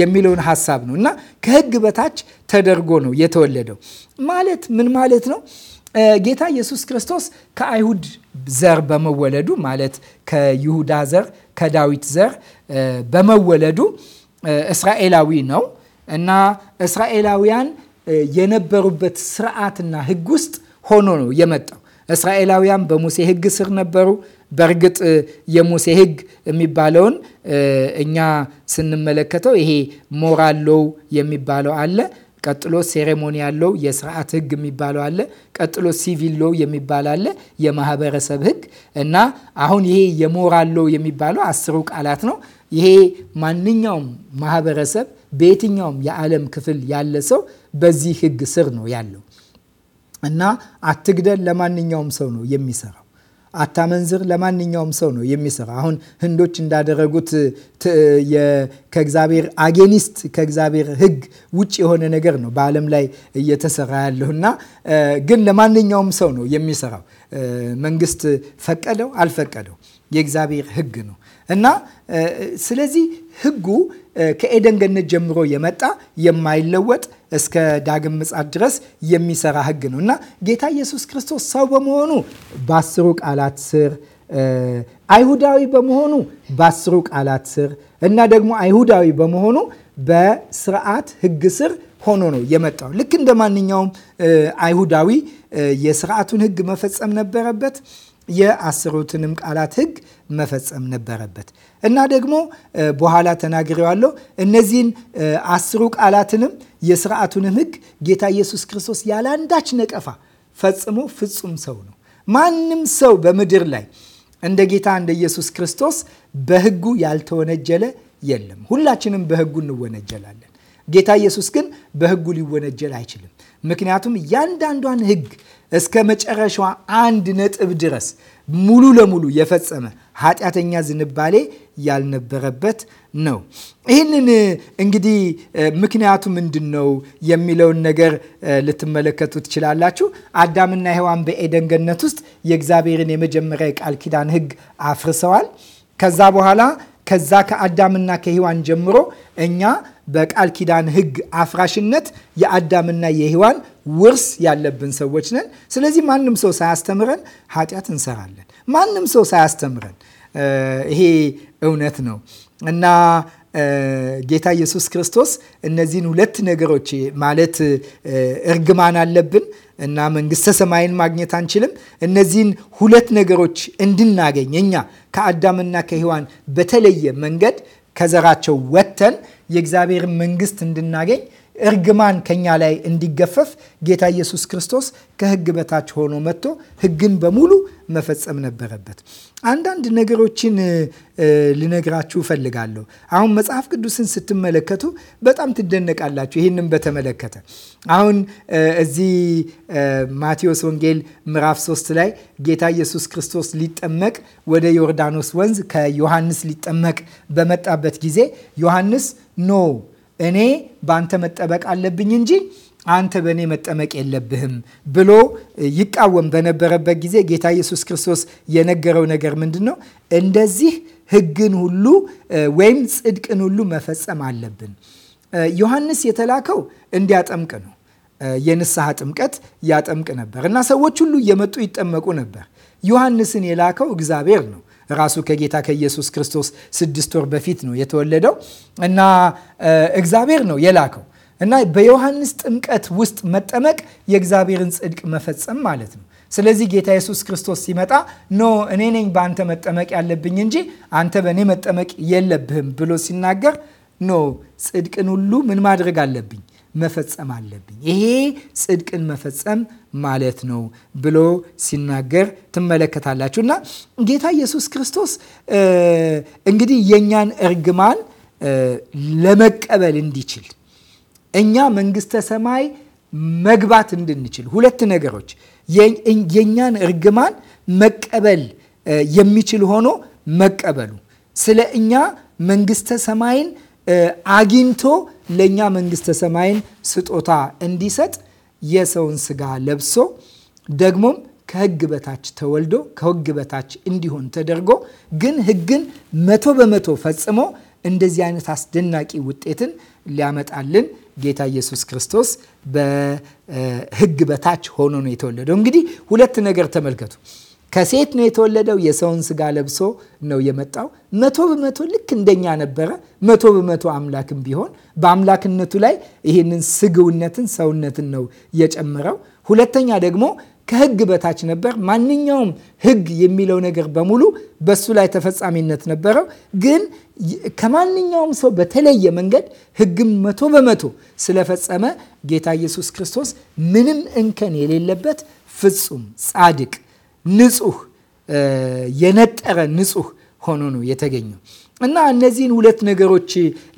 የሚለውን ሀሳብ ነው እና ከህግ በታች ተደርጎ ነው የተወለደው ማለት ምን ማለት ነው? ጌታ ኢየሱስ ክርስቶስ ከአይሁድ ዘር በመወለዱ ማለት ከይሁዳ ዘር ከዳዊት ዘር በመወለዱ እስራኤላዊ ነው እና እስራኤላውያን የነበሩበት ስርዓትና ህግ ውስጥ ሆኖ ነው የመጣው። እስራኤላውያን በሙሴ ሕግ ስር ነበሩ። በእርግጥ የሙሴ ሕግ የሚባለውን እኛ ስንመለከተው ይሄ ሞራል ሎው የሚባለው አለ። ቀጥሎ ሴሬሞኒ ያለው የስርዓት ሕግ የሚባለው አለ። ቀጥሎ ሲቪል ሎው የሚባል አለ፣ የማህበረሰብ ሕግ እና አሁን ይሄ የሞራል ሎው የሚባለው አስሩ ቃላት ነው። ይሄ ማንኛውም ማህበረሰብ በየትኛውም የዓለም ክፍል ያለ ሰው በዚህ ሕግ ስር ነው ያለው እና አትግደል ለማንኛውም ሰው ነው የሚሰራው። አታመንዝር ለማንኛውም ሰው ነው የሚሰራ። አሁን ህንዶች እንዳደረጉት ከእግዚአብሔር አጌኒስት ከእግዚአብሔር ህግ ውጭ የሆነ ነገር ነው በዓለም ላይ እየተሰራ ያለው እና ግን ለማንኛውም ሰው ነው የሚሰራው። መንግስት ፈቀደው አልፈቀደው የእግዚአብሔር ህግ ነው እና ስለዚህ ህጉ ከኤደን ገነት ጀምሮ የመጣ የማይለወጥ እስከ ዳግም ምጻት ድረስ የሚሰራ ህግ ነው እና ጌታ ኢየሱስ ክርስቶስ ሰው በመሆኑ በአስሩ ቃላት ስር አይሁዳዊ በመሆኑ በአስሩ ቃላት ስር እና ደግሞ አይሁዳዊ በመሆኑ በስርዓት ህግ ስር ሆኖ ነው የመጣው። ልክ እንደ ማንኛውም አይሁዳዊ የስርዓቱን ህግ መፈጸም ነበረበት። የአስሩትንም ቃላት ህግ መፈጸም ነበረበት እና ደግሞ በኋላ ተናግሬዋለሁ። እነዚህን አስሩ ቃላትንም የስርዓቱንም ህግ ጌታ ኢየሱስ ክርስቶስ ያላንዳች ነቀፋ ፈጽሞ ፍጹም ሰው ነው። ማንም ሰው በምድር ላይ እንደ ጌታ እንደ ኢየሱስ ክርስቶስ በህጉ ያልተወነጀለ የለም። ሁላችንም በህጉ እንወነጀላለን። ጌታ ኢየሱስ ግን በህጉ ሊወነጀል አይችልም። ምክንያቱም እያንዳንዷን ህግ እስከ መጨረሻዋ አንድ ነጥብ ድረስ ሙሉ ለሙሉ የፈጸመ ኃጢአተኛ ዝንባሌ ያልነበረበት ነው። ይህንን እንግዲህ ምክንያቱ ምንድን ነው የሚለውን ነገር ልትመለከቱ ትችላላችሁ። አዳምና ሔዋን በኤደን ገነት ውስጥ የእግዚአብሔርን የመጀመሪያ የቃል ኪዳን ህግ አፍርሰዋል። ከዛ በኋላ ከዛ ከአዳምና ከሔዋን ጀምሮ እኛ በቃል ኪዳን ህግ አፍራሽነት የአዳምና የሔዋን ውርስ ያለብን ሰዎች ነን። ስለዚህ ማንም ሰው ሳያስተምረን ኃጢአት እንሰራለን። ማንም ሰው ሳያስተምረን ይሄ እውነት ነው እና ጌታ ኢየሱስ ክርስቶስ እነዚህን ሁለት ነገሮች ማለት እርግማን አለብን እና መንግስተ ሰማይን ማግኘት አንችልም። እነዚህን ሁለት ነገሮች እንድናገኝ እኛ ከአዳምና ከሔዋን በተለየ መንገድ ከዘራቸው ወጥተን የእግዚአብሔር መንግስት እንድናገኝ እርግማን ከኛ ላይ እንዲገፈፍ ጌታ ኢየሱስ ክርስቶስ ከህግ በታች ሆኖ መጥቶ ህግን በሙሉ መፈጸም ነበረበት። አንዳንድ ነገሮችን ልነግራችሁ እፈልጋለሁ። አሁን መጽሐፍ ቅዱስን ስትመለከቱ በጣም ትደነቃላችሁ። ይህንም በተመለከተ አሁን እዚህ ማቴዎስ ወንጌል ምዕራፍ 3 ላይ ጌታ ኢየሱስ ክርስቶስ ሊጠመቅ ወደ ዮርዳኖስ ወንዝ ከዮሐንስ ሊጠመቅ በመጣበት ጊዜ ዮሐንስ ኖ እኔ በአንተ መጠበቅ አለብኝ እንጂ አንተ በእኔ መጠመቅ የለብህም ብሎ ይቃወም በነበረበት ጊዜ ጌታ ኢየሱስ ክርስቶስ የነገረው ነገር ምንድን ነው? እንደዚህ ሕግን ሁሉ ወይም ጽድቅን ሁሉ መፈጸም አለብን። ዮሐንስ የተላከው እንዲያጠምቅ ነው። የንስሐ ጥምቀት ያጠምቅ ነበር እና ሰዎች ሁሉ እየመጡ ይጠመቁ ነበር። ዮሐንስን የላከው እግዚአብሔር ነው። ራሱ ከጌታ ከኢየሱስ ክርስቶስ ስድስት ወር በፊት ነው የተወለደው እና እግዚአብሔር ነው የላከው እና በዮሐንስ ጥምቀት ውስጥ መጠመቅ የእግዚአብሔርን ጽድቅ መፈጸም ማለት ነው። ስለዚህ ጌታ ኢየሱስ ክርስቶስ ሲመጣ ኖ እኔ ነኝ በአንተ መጠመቅ ያለብኝ እንጂ አንተ በእኔ መጠመቅ የለብህም ብሎ ሲናገር ኖ ጽድቅን ሁሉ ምን ማድረግ አለብኝ? መፈጸም አለብኝ። ይሄ ጽድቅን መፈጸም ማለት ነው ብሎ ሲናገር ትመለከታላችሁ። እና ጌታ ኢየሱስ ክርስቶስ እንግዲህ የእኛን እርግማን ለመቀበል እንዲችል እኛ መንግስተ ሰማይ መግባት እንድንችል ሁለት ነገሮች የእኛን እርግማን መቀበል የሚችል ሆኖ መቀበሉ ስለ እኛ መንግስተ ሰማይን አግኝቶ ለእኛ መንግስተ ሰማይን ስጦታ እንዲሰጥ የሰውን ስጋ ለብሶ ደግሞም ከህግ በታች ተወልዶ ከህግ በታች እንዲሆን ተደርጎ ግን ህግን መቶ በመቶ ፈጽሞ እንደዚህ አይነት አስደናቂ ውጤትን ሊያመጣልን ጌታ ኢየሱስ ክርስቶስ በህግ በታች ሆኖ ነው የተወለደው። እንግዲህ ሁለት ነገር ተመልከቱ። ከሴት ነው የተወለደው። የሰውን ስጋ ለብሶ ነው የመጣው። መቶ በመቶ ልክ እንደኛ ነበረ። መቶ በመቶ አምላክም ቢሆን በአምላክነቱ ላይ ይህንን ስግውነትን፣ ሰውነትን ነው የጨመረው። ሁለተኛ ደግሞ ከህግ በታች ነበር። ማንኛውም ህግ የሚለው ነገር በሙሉ በሱ ላይ ተፈጻሚነት ነበረው። ግን ከማንኛውም ሰው በተለየ መንገድ ህግም መቶ በመቶ ስለፈጸመ ጌታ ኢየሱስ ክርስቶስ ምንም እንከን የሌለበት ፍጹም ጻድቅ ንጹህ የነጠረ ንጹህ ሆኖ ነው የተገኘው። እና እነዚህን ሁለት ነገሮች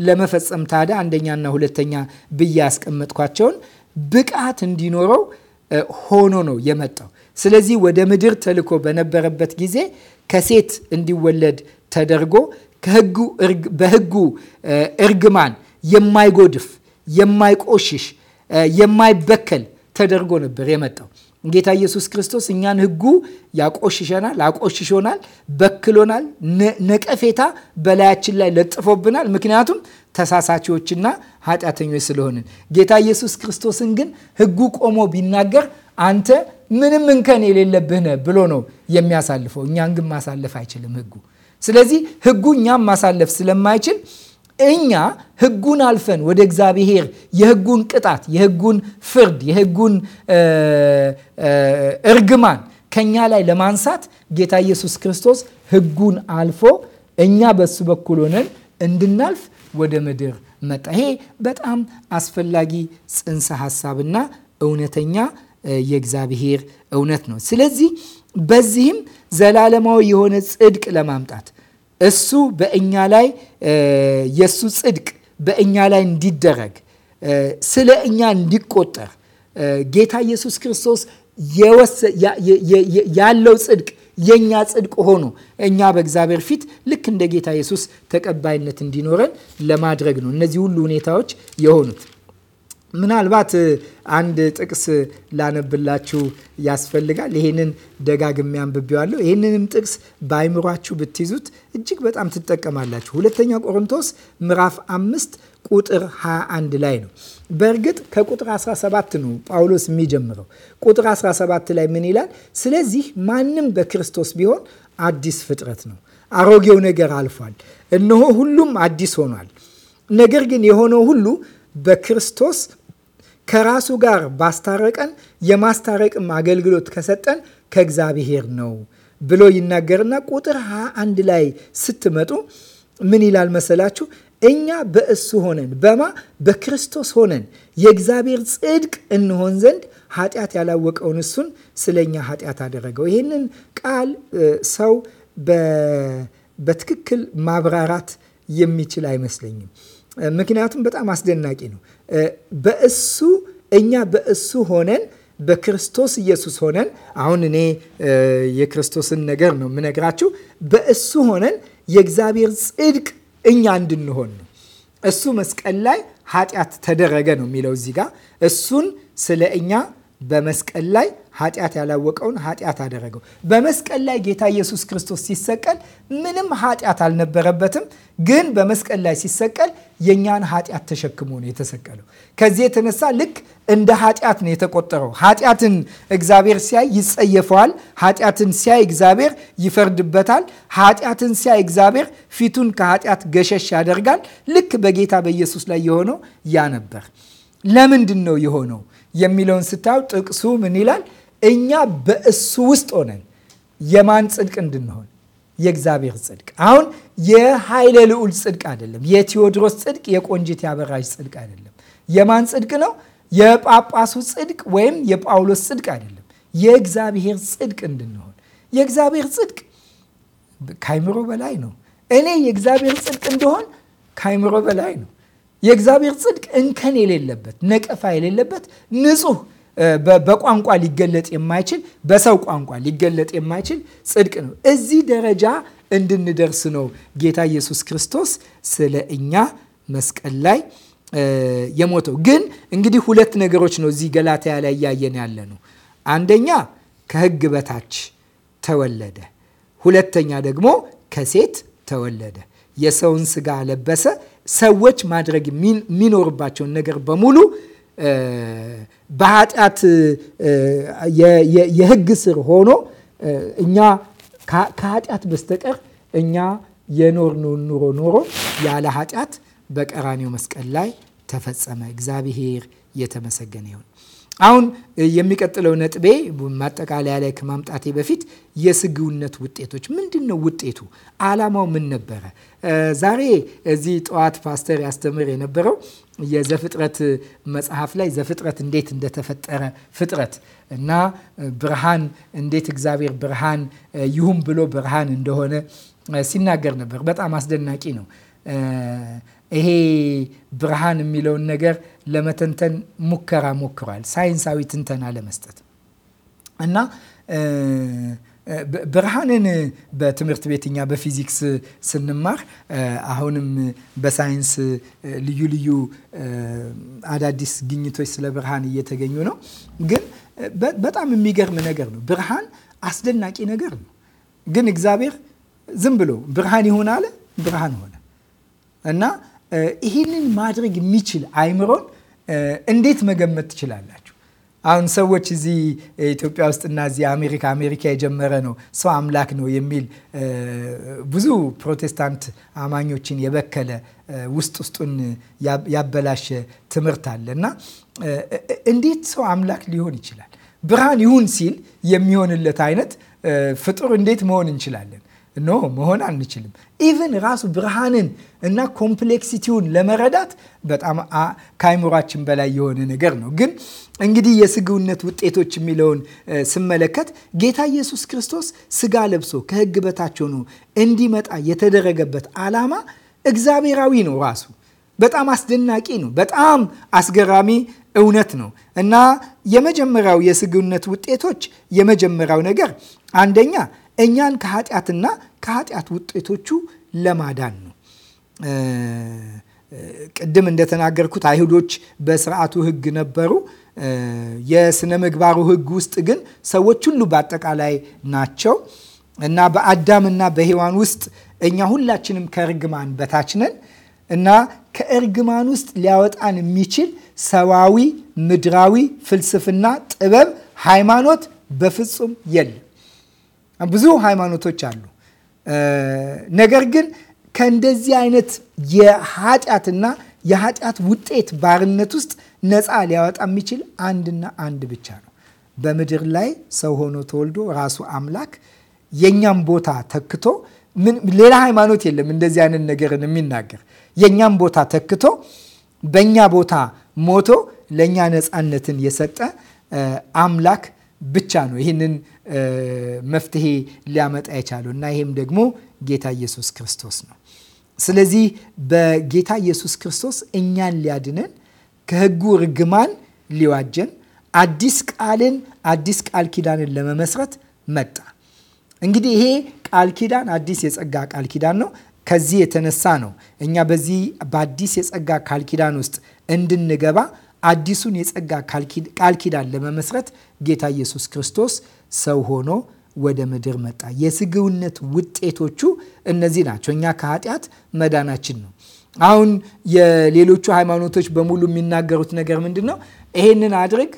ለመፈጸም ታዲያ አንደኛና ሁለተኛ ብዬ ያስቀመጥኳቸውን ብቃት እንዲኖረው ሆኖ ነው የመጣው። ስለዚህ ወደ ምድር ተልኮ በነበረበት ጊዜ ከሴት እንዲወለድ ተደርጎ በሕጉ እርግማን የማይጎድፍ የማይቆሽሽ የማይበከል ተደርጎ ነበር የመጣው። ጌታ ኢየሱስ ክርስቶስ እኛን ህጉ ያቆሽሸናል፣ አቆሽሾናል፣ በክሎናል፣ ነቀፌታ በላያችን ላይ ለጥፎብናል። ምክንያቱም ተሳሳቾችና ኃጢአተኞች ስለሆንን። ጌታ ኢየሱስ ክርስቶስን ግን ህጉ ቆሞ ቢናገር አንተ ምንም እንከን የሌለብህ ነህ ብሎ ነው የሚያሳልፈው። እኛን ግን ማሳለፍ አይችልም ህጉ። ስለዚህ ህጉ እኛም ማሳለፍ ስለማይችል እኛ ህጉን አልፈን ወደ እግዚአብሔር የህጉን ቅጣት፣ የህጉን ፍርድ፣ የህጉን እርግማን ከኛ ላይ ለማንሳት ጌታ ኢየሱስ ክርስቶስ ህጉን አልፎ እኛ በሱ በኩል ሆነን እንድናልፍ ወደ ምድር መጣ። ይሄ በጣም አስፈላጊ ጽንሰ ሀሳብና እውነተኛ የእግዚአብሔር እውነት ነው። ስለዚህ በዚህም ዘላለማዊ የሆነ ጽድቅ ለማምጣት እሱ በእኛ ላይ የእሱ ጽድቅ በእኛ ላይ እንዲደረግ ስለ እኛ እንዲቆጠር ጌታ ኢየሱስ ክርስቶስ ያለው ጽድቅ የእኛ ጽድቅ ሆኖ እኛ በእግዚአብሔር ፊት ልክ እንደ ጌታ ኢየሱስ ተቀባይነት እንዲኖረን ለማድረግ ነው እነዚህ ሁሉ ሁኔታዎች የሆኑት። ምናልባት አንድ ጥቅስ ላነብላችሁ ያስፈልጋል። ይህንን ደጋግሜ አንብቤዋለሁ። ይህንንም ጥቅስ በአይምሯችሁ ብትይዙት እጅግ በጣም ትጠቀማላችሁ። ሁለተኛ ቆሮንቶስ ምዕራፍ አምስት ቁጥር 21 ላይ ነው። በእርግጥ ከቁጥር 17 ነው ጳውሎስ የሚጀምረው። ቁጥር 17 ላይ ምን ይላል? ስለዚህ ማንም በክርስቶስ ቢሆን አዲስ ፍጥረት ነው፣ አሮጌው ነገር አልፏል፣ እነሆ ሁሉም አዲስ ሆኗል። ነገር ግን የሆነው ሁሉ በክርስቶስ ከራሱ ጋር ባስታረቀን የማስታረቅም አገልግሎት ከሰጠን ከእግዚአብሔር ነው ብሎ ይናገርና ቁጥር ሃያ አንድ ላይ ስትመጡ ምን ይላል መሰላችሁ? እኛ በእሱ ሆነን በማ በክርስቶስ ሆነን የእግዚአብሔር ጽድቅ እንሆን ዘንድ ኃጢአት ያላወቀውን እሱን ስለ እኛ ኃጢአት አደረገው። ይህንን ቃል ሰው በትክክል ማብራራት የሚችል አይመስለኝም። ምክንያቱም በጣም አስደናቂ ነው። በእሱ እኛ በእሱ ሆነን በክርስቶስ ኢየሱስ ሆነን አሁን እኔ የክርስቶስን ነገር ነው የምነግራችሁ። በእሱ ሆነን የእግዚአብሔር ጽድቅ እኛ እንድንሆን ነው። እሱ መስቀል ላይ ኃጢአት ተደረገ ነው የሚለው እዚህ ጋር እሱን ስለ እኛ በመስቀል ላይ ኃጢአት ያላወቀውን ኃጢአት አደረገው። በመስቀል ላይ ጌታ ኢየሱስ ክርስቶስ ሲሰቀል ምንም ኃጢአት አልነበረበትም፣ ግን በመስቀል ላይ ሲሰቀል የእኛን ኃጢአት ተሸክሞ ነው የተሰቀለው። ከዚህ የተነሳ ልክ እንደ ኃጢአት ነው የተቆጠረው። ኃጢአትን እግዚአብሔር ሲያይ ይጸየፈዋል። ኃጢአትን ሲያይ እግዚአብሔር ይፈርድበታል። ኃጢአትን ሲያይ እግዚአብሔር ፊቱን ከኃጢአት ገሸሽ ያደርጋል። ልክ በጌታ በኢየሱስ ላይ የሆነው ያ ነበር። ለምንድን ነው የሆነው የሚለውን ስታዩ ጥቅሱ ምን ይላል? እኛ በእሱ ውስጥ ሆነን የማን ጽድቅ እንድንሆን የእግዚአብሔር ጽድቅ። አሁን የኃይለ ልዑል ጽድቅ አይደለም። የቴዎድሮስ ጽድቅ፣ የቆንጂት ያበራሽ ጽድቅ አይደለም። የማን ጽድቅ ነው? የጳጳሱ ጽድቅ ወይም የጳውሎስ ጽድቅ አይደለም። የእግዚአብሔር ጽድቅ እንድንሆን የእግዚአብሔር ጽድቅ ከአይምሮ በላይ ነው። እኔ የእግዚአብሔር ጽድቅ እንደሆን ከአይምሮ በላይ ነው። የእግዚአብሔር ጽድቅ እንከን የሌለበት፣ ነቀፋ የሌለበት፣ ንጹህ በቋንቋ ሊገለጥ የማይችል በሰው ቋንቋ ሊገለጥ የማይችል ጽድቅ ነው። እዚህ ደረጃ እንድንደርስ ነው ጌታ ኢየሱስ ክርስቶስ ስለ እኛ መስቀል ላይ የሞተው። ግን እንግዲህ ሁለት ነገሮች ነው እዚህ ገላትያ ላይ እያየን ያለ ነው። አንደኛ ከሕግ በታች ተወለደ፣ ሁለተኛ ደግሞ ከሴት ተወለደ። የሰውን ስጋ ለበሰ። ሰዎች ማድረግ የሚኖርባቸውን ነገር በሙሉ በኃጢአት የህግ ስር ሆኖ እኛ ከኃጢአት በስተቀር እኛ የኖርነውን ኑሮ ኖሮ ያለ ኃጢአት በቀራኔው መስቀል ላይ ተፈጸመ። እግዚአብሔር የተመሰገነ ይሁን። አሁን የሚቀጥለው ነጥቤ ማጠቃለያ ላይ ከማምጣቴ በፊት የስግውነት ውጤቶች ምንድን ነው? ውጤቱ አላማው ምን ነበረ? ዛሬ እዚህ ጠዋት ፓስተር ያስተምር የነበረው የዘፍጥረት መጽሐፍ ላይ ዘፍጥረት እንዴት እንደተፈጠረ ፍጥረት እና ብርሃን እንዴት እግዚአብሔር ብርሃን ይሁን ብሎ ብርሃን እንደሆነ ሲናገር ነበር። በጣም አስደናቂ ነው። ይሄ ብርሃን የሚለውን ነገር ለመተንተን ሙከራ ሞክሯል፣ ሳይንሳዊ ትንተና ለመስጠት እና ብርሃንን በትምህርት ቤትኛ በፊዚክስ ስንማር አሁንም በሳይንስ ልዩ ልዩ አዳዲስ ግኝቶች ስለ ብርሃን እየተገኙ ነው። ግን በጣም የሚገርም ነገር ነው። ብርሃን አስደናቂ ነገር ነው። ግን እግዚአብሔር ዝም ብሎ ብርሃን ይሁን አለ፣ ብርሃን ሆነ እና ይህንን ማድረግ የሚችል አይምሮን እንዴት መገመት ትችላላችሁ? አሁን ሰዎች እዚህ ኢትዮጵያ ውስጥና እዚህ አሜሪካ አሜሪካ የጀመረ ነው ሰው አምላክ ነው የሚል ብዙ ፕሮቴስታንት አማኞችን የበከለ ውስጥ ውስጡን ያበላሸ ትምህርት አለ እና እንዴት ሰው አምላክ ሊሆን ይችላል? ብርሃን ይሁን ሲል የሚሆንለት አይነት ፍጡር እንዴት መሆን እንችላለን? ኖ መሆን አንችልም። ኢቨን ራሱ ብርሃንን እና ኮምፕሌክሲቲውን ለመረዳት በጣም ከአይምሯችን በላይ የሆነ ነገር ነው። ግን እንግዲህ የስግውነት ውጤቶች የሚለውን ስመለከት ጌታ ኢየሱስ ክርስቶስ ስጋ ለብሶ ከህግ በታች ሆኖ እንዲመጣ የተደረገበት ዓላማ እግዚአብሔራዊ ነው። ራሱ በጣም አስደናቂ ነው። በጣም አስገራሚ እውነት ነው እና የመጀመሪያው የስግውነት ውጤቶች የመጀመሪያው ነገር አንደኛ እኛን ከኃጢአትና ከኃጢአት ውጤቶቹ ለማዳን ነው። ቅድም እንደተናገርኩት አይሁዶች በስርዓቱ ህግ ነበሩ። የስነ ምግባሩ ህግ ውስጥ ግን ሰዎች ሁሉ በአጠቃላይ ናቸው እና በአዳምና በሔዋን ውስጥ እኛ ሁላችንም ከእርግማን በታች ነን እና ከእርግማን ውስጥ ሊያወጣን የሚችል ሰዋዊ፣ ምድራዊ ፍልስፍና፣ ጥበብ፣ ሃይማኖት በፍጹም የለም። ብዙ ሃይማኖቶች አሉ። ነገር ግን ከእንደዚህ አይነት የኃጢአትና የኃጢአት ውጤት ባርነት ውስጥ ነፃ ሊያወጣ የሚችል አንድና አንድ ብቻ ነው። በምድር ላይ ሰው ሆኖ ተወልዶ ራሱ አምላክ የእኛም ቦታ ተክቶ ሌላ ሃይማኖት የለም እንደዚህ አይነት ነገርን የሚናገር የእኛም ቦታ ተክቶ በእኛ ቦታ ሞቶ ለእኛ ነፃነትን የሰጠ አምላክ ብቻ ነው ይህንን መፍትሄ ሊያመጣ የቻለው እና ይህም ደግሞ ጌታ ኢየሱስ ክርስቶስ ነው። ስለዚህ በጌታ ኢየሱስ ክርስቶስ እኛን ሊያድነን ከህጉ ርግማን ሊዋጀን አዲስ ቃልን አዲስ ቃል ኪዳንን ለመመስረት መጣ። እንግዲህ ይሄ ቃል ኪዳን አዲስ የጸጋ ቃል ኪዳን ነው። ከዚህ የተነሳ ነው እኛ በዚህ በአዲስ የጸጋ ቃል ኪዳን ውስጥ እንድንገባ አዲሱን የጸጋ ቃል ኪዳን ለመመስረት ጌታ ኢየሱስ ክርስቶስ ሰው ሆኖ ወደ ምድር መጣ። የስግውነት ውጤቶቹ እነዚህ ናቸው። እኛ ከኃጢአት መዳናችን ነው። አሁን የሌሎቹ ሃይማኖቶች በሙሉ የሚናገሩት ነገር ምንድን ነው? ይሄንን አድርግ፣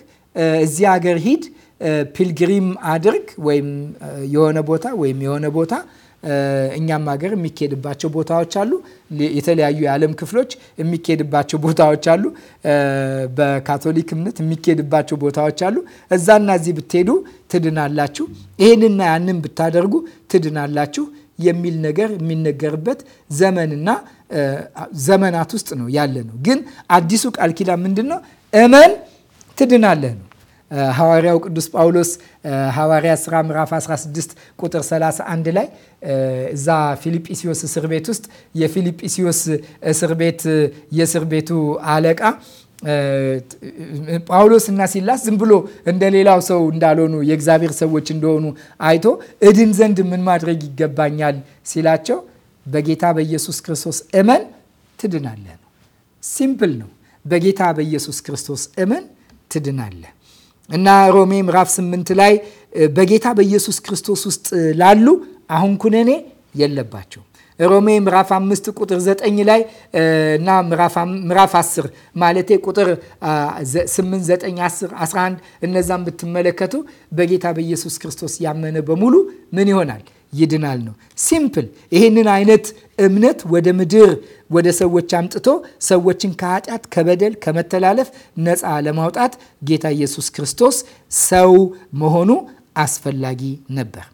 እዚህ ሀገር ሂድ፣ ፒልግሪም አድርግ፣ ወይም የሆነ ቦታ ወይም የሆነ ቦታ እኛም ሀገር የሚካሄድባቸው ቦታዎች አሉ። የተለያዩ የዓለም ክፍሎች የሚካሄድባቸው ቦታዎች አሉ። በካቶሊክ እምነት የሚካሄድባቸው ቦታዎች አሉ። እዛና እዚህ ብትሄዱ ትድናላችሁ፣ ይህንና ያንን ብታደርጉ ትድናላችሁ የሚል ነገር የሚነገርበት ዘመንና ዘመናት ውስጥ ነው ያለ ነው። ግን አዲሱ ቃል ኪዳን ምንድን ነው? እመን ትድናለህ ነው። ሐዋርያው ቅዱስ ጳውሎስ ሐዋርያ ሥራ ምዕራፍ 16 ቁጥር 31 ላይ እዛ ፊልጵስዮስ እስር ቤት ውስጥ የፊልጵስዮስ እስር ቤት የእስር ቤቱ አለቃ ጳውሎስ እና ሲላስ ዝም ብሎ እንደ ሌላው ሰው እንዳልሆኑ የእግዚአብሔር ሰዎች እንደሆኑ አይቶ እድን ዘንድ ምን ማድረግ ይገባኛል ሲላቸው በጌታ በኢየሱስ ክርስቶስ እመን ትድናለህ ነው። ሲምፕል ነው። በጌታ በኢየሱስ ክርስቶስ እመን ትድናለህ። እና ሮሜ ምዕራፍ 8 ላይ በጌታ በኢየሱስ ክርስቶስ ውስጥ ላሉ አሁን ኩነኔ የለባቸው። ሮሜ ምዕራፍ 5 ቁጥር 9 ላይ እና ምዕራፍ 10 ማለቴ ቁጥር 8፣ 9፣ 10፣ 11 እነዛን ብትመለከቱ በጌታ በኢየሱስ ክርስቶስ ያመነ በሙሉ ምን ይሆናል? ይድናል ነው። ሲምፕል። ይህንን አይነት እምነት ወደ ምድር ወደ ሰዎች አምጥቶ ሰዎችን ከኃጢአት፣ ከበደል፣ ከመተላለፍ ነፃ ለማውጣት ጌታ ኢየሱስ ክርስቶስ ሰው መሆኑ አስፈላጊ ነበር።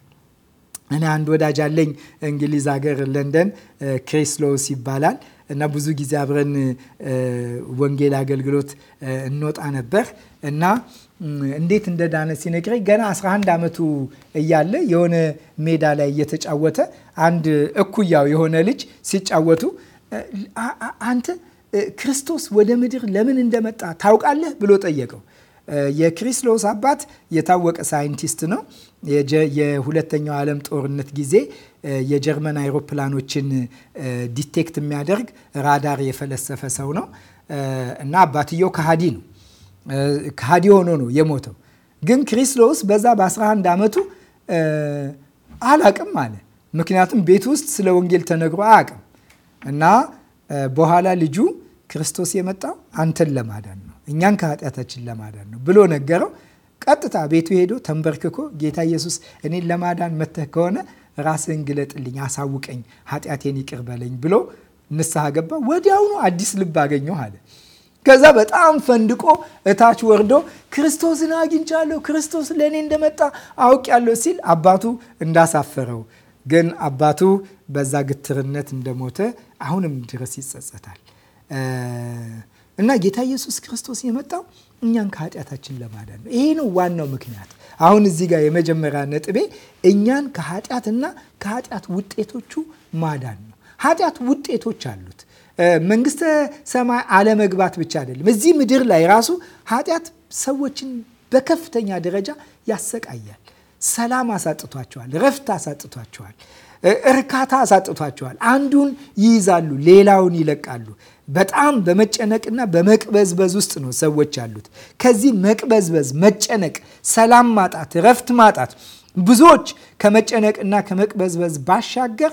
እኔ አንድ ወዳጅ አለኝ እንግሊዝ ሀገር ለንደን፣ ክሪስሎስ ይባላል እና ብዙ ጊዜ አብረን ወንጌል አገልግሎት እንወጣ ነበር እና እንዴት እንደዳነ ሲነግረኝ ገና 11 ዓመቱ እያለ የሆነ ሜዳ ላይ እየተጫወተ አንድ እኩያው የሆነ ልጅ ሲጫወቱ አንተ ክርስቶስ ወደ ምድር ለምን እንደመጣ ታውቃለህ ብሎ ጠየቀው። የክሪስሎስ አባት የታወቀ ሳይንቲስት ነው። የሁለተኛው ዓለም ጦርነት ጊዜ የጀርመን አይሮፕላኖችን ዲቴክት የሚያደርግ ራዳር የፈለሰፈ ሰው ነው እና አባትየው ከሃዲ ነው ካዲ ሆኖ ነው የሞተው። ግን ክሪስሎስ በዛ በ11 ዓመቱ አላቅም አለ። ምክንያቱም ቤት ውስጥ ስለ ወንጌል ተነግሮ አያቅም እና በኋላ ልጁ ክርስቶስ የመጣው አንተን ለማዳን ነው፣ እኛን ከኃጢአታችን ለማዳን ነው ብሎ ነገረው። ቀጥታ ቤቱ ሄዶ ተንበርክኮ ጌታ ኢየሱስ እኔን ለማዳን መተህ ከሆነ ራስህን ግለጥልኝ፣ አሳውቀኝ፣ ኃጢአቴን ይቅር በለኝ ብሎ ንስሐ ገባ። ወዲያውኑ አዲስ ልብ አገኘሁ አለ። ከዛ በጣም ፈንድቆ እታች ወርዶ ክርስቶስን አግኝቻለሁ፣ ክርስቶስ ለእኔ እንደመጣ አውቄያለሁ ሲል አባቱ እንዳሳፈረው ግን አባቱ በዛ ግትርነት እንደሞተ አሁንም ድረስ ይጸጸታል። እና ጌታ ኢየሱስ ክርስቶስ የመጣው እኛን ከኃጢአታችን ለማዳን ነው። ይሄ ነው ዋናው ምክንያት። አሁን እዚህ ጋር የመጀመሪያ ነጥቤ እኛን ከኃጢአትና ከኃጢአት ውጤቶቹ ማዳን ነው። ኃጢአት ውጤቶች አሉት። መንግስተ ሰማይ አለመግባት ብቻ አይደለም። እዚህ ምድር ላይ ራሱ ኃጢአት ሰዎችን በከፍተኛ ደረጃ ያሰቃያል። ሰላም አሳጥቷቸዋል። ረፍት አሳጥቷቸዋል። እርካታ አሳጥቷቸዋል። አንዱን ይይዛሉ፣ ሌላውን ይለቃሉ። በጣም በመጨነቅና በመቅበዝበዝ ውስጥ ነው ሰዎች ያሉት። ከዚህ መቅበዝበዝ፣ መጨነቅ፣ ሰላም ማጣት፣ ረፍት ማጣት ብዙዎች ከመጨነቅና ከመቅበዝበዝ ባሻገር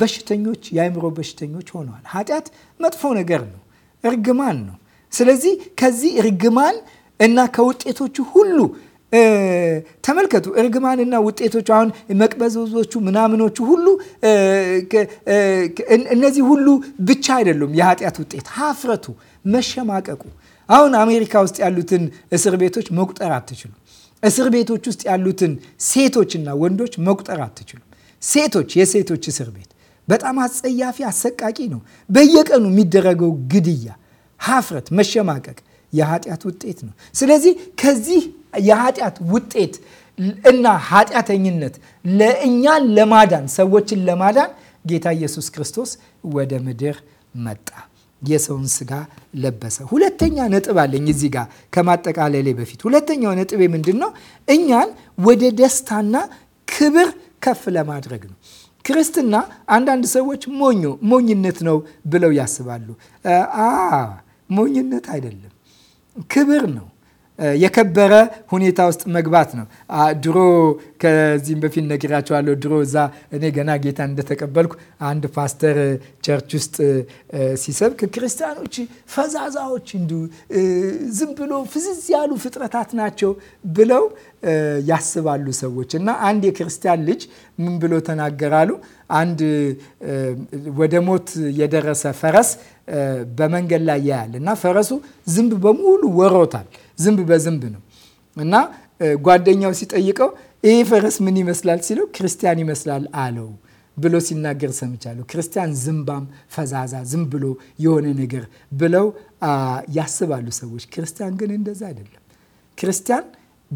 በሽተኞች፣ የአእምሮ በሽተኞች ሆነዋል። ኃጢአት መጥፎ ነገር ነው፣ እርግማን ነው። ስለዚህ ከዚህ እርግማን እና ከውጤቶቹ ሁሉ ተመልከቱ። እርግማንና ውጤቶቹ አሁን መቅበዝበዞቹ ምናምኖቹ ሁሉ እነዚህ ሁሉ ብቻ አይደሉም። የኃጢአት ውጤት ሀፍረቱ፣ መሸማቀቁ። አሁን አሜሪካ ውስጥ ያሉትን እስር ቤቶች መቁጠር አትችሉ። እስር ቤቶች ውስጥ ያሉትን ሴቶችና ወንዶች መቁጠር አትችሉ። ሴቶች የሴቶች እስር ቤት በጣም አጸያፊ፣ አሰቃቂ ነው። በየቀኑ የሚደረገው ግድያ፣ ሀፍረት፣ መሸማቀቅ የኃጢአት ውጤት ነው። ስለዚህ ከዚህ የኃጢአት ውጤት እና ኃጢአተኝነት ለእኛን ለማዳን ሰዎችን ለማዳን ጌታ ኢየሱስ ክርስቶስ ወደ ምድር መጣ፣ የሰውን ስጋ ለበሰ። ሁለተኛ ነጥብ አለኝ እዚህ ጋር ከማጠቃለሌ በፊት ሁለተኛው ነጥቤ ምንድን ነው? እኛን ወደ ደስታና ክብር ከፍ ለማድረግ ነው። ክርስትና አንዳንድ ሰዎች ሞኞ ሞኝነት ነው ብለው ያስባሉ። አ ሞኝነት አይደለም፣ ክብር ነው የከበረ ሁኔታ ውስጥ መግባት ነው። ድሮ ከዚህም በፊት ነግራቸዋለሁ። ድሮ እዛ እኔ ገና ጌታ እንደተቀበልኩ አንድ ፓስተር ቸርች ውስጥ ሲሰብክ ክርስቲያኖች ፈዛዛዎች፣ እንዲሁ ዝም ብሎ ፍዝዝ ያሉ ፍጥረታት ናቸው ብለው ያስባሉ ሰዎች እና አንድ የክርስቲያን ልጅ ምን ብሎ ተናገራሉ? አንድ ወደ ሞት የደረሰ ፈረስ በመንገድ ላይ ያያል እና ፈረሱ ዝንብ በሙሉ ወሮታል ዝንብ በዝንብ ነው እና ጓደኛው ሲጠይቀው ይህ ፈረስ ምን ይመስላል ሲለው ክርስቲያን ይመስላል አለው ብሎ ሲናገር ሰምቻለሁ። ክርስቲያን ዝንባም፣ ፈዛዛ፣ ዝም ብሎ የሆነ ነገር ብለው ያስባሉ ሰዎች። ክርስቲያን ግን እንደዛ አይደለም። ክርስቲያን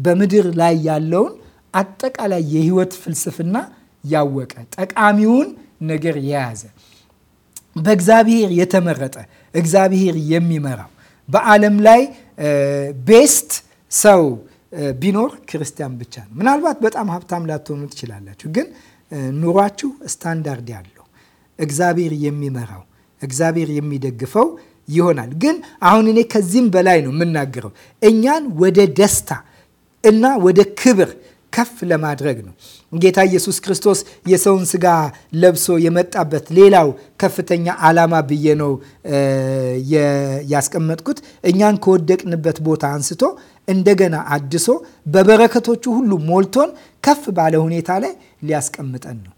በምድር ላይ ያለውን አጠቃላይ የህይወት ፍልስፍና ያወቀ ጠቃሚውን ነገር የያዘ በእግዚአብሔር የተመረጠ እግዚአብሔር የሚመራ? በዓለም ላይ ቤስት ሰው ቢኖር ክርስቲያን ብቻ ነው። ምናልባት በጣም ሀብታም ላትሆኑ ትችላላችሁ፣ ግን ኑሯችሁ ስታንዳርድ ያለው እግዚአብሔር የሚመራው እግዚአብሔር የሚደግፈው ይሆናል። ግን አሁን እኔ ከዚህም በላይ ነው የምናገረው እኛን ወደ ደስታ እና ወደ ክብር ከፍ ለማድረግ ነው። ጌታ ኢየሱስ ክርስቶስ የሰውን ስጋ ለብሶ የመጣበት ሌላው ከፍተኛ ዓላማ ብዬ ነው ያስቀመጥኩት። እኛን ከወደቅንበት ቦታ አንስቶ እንደገና አድሶ በበረከቶቹ ሁሉ ሞልቶን ከፍ ባለ ሁኔታ ላይ ሊያስቀምጠን ነው።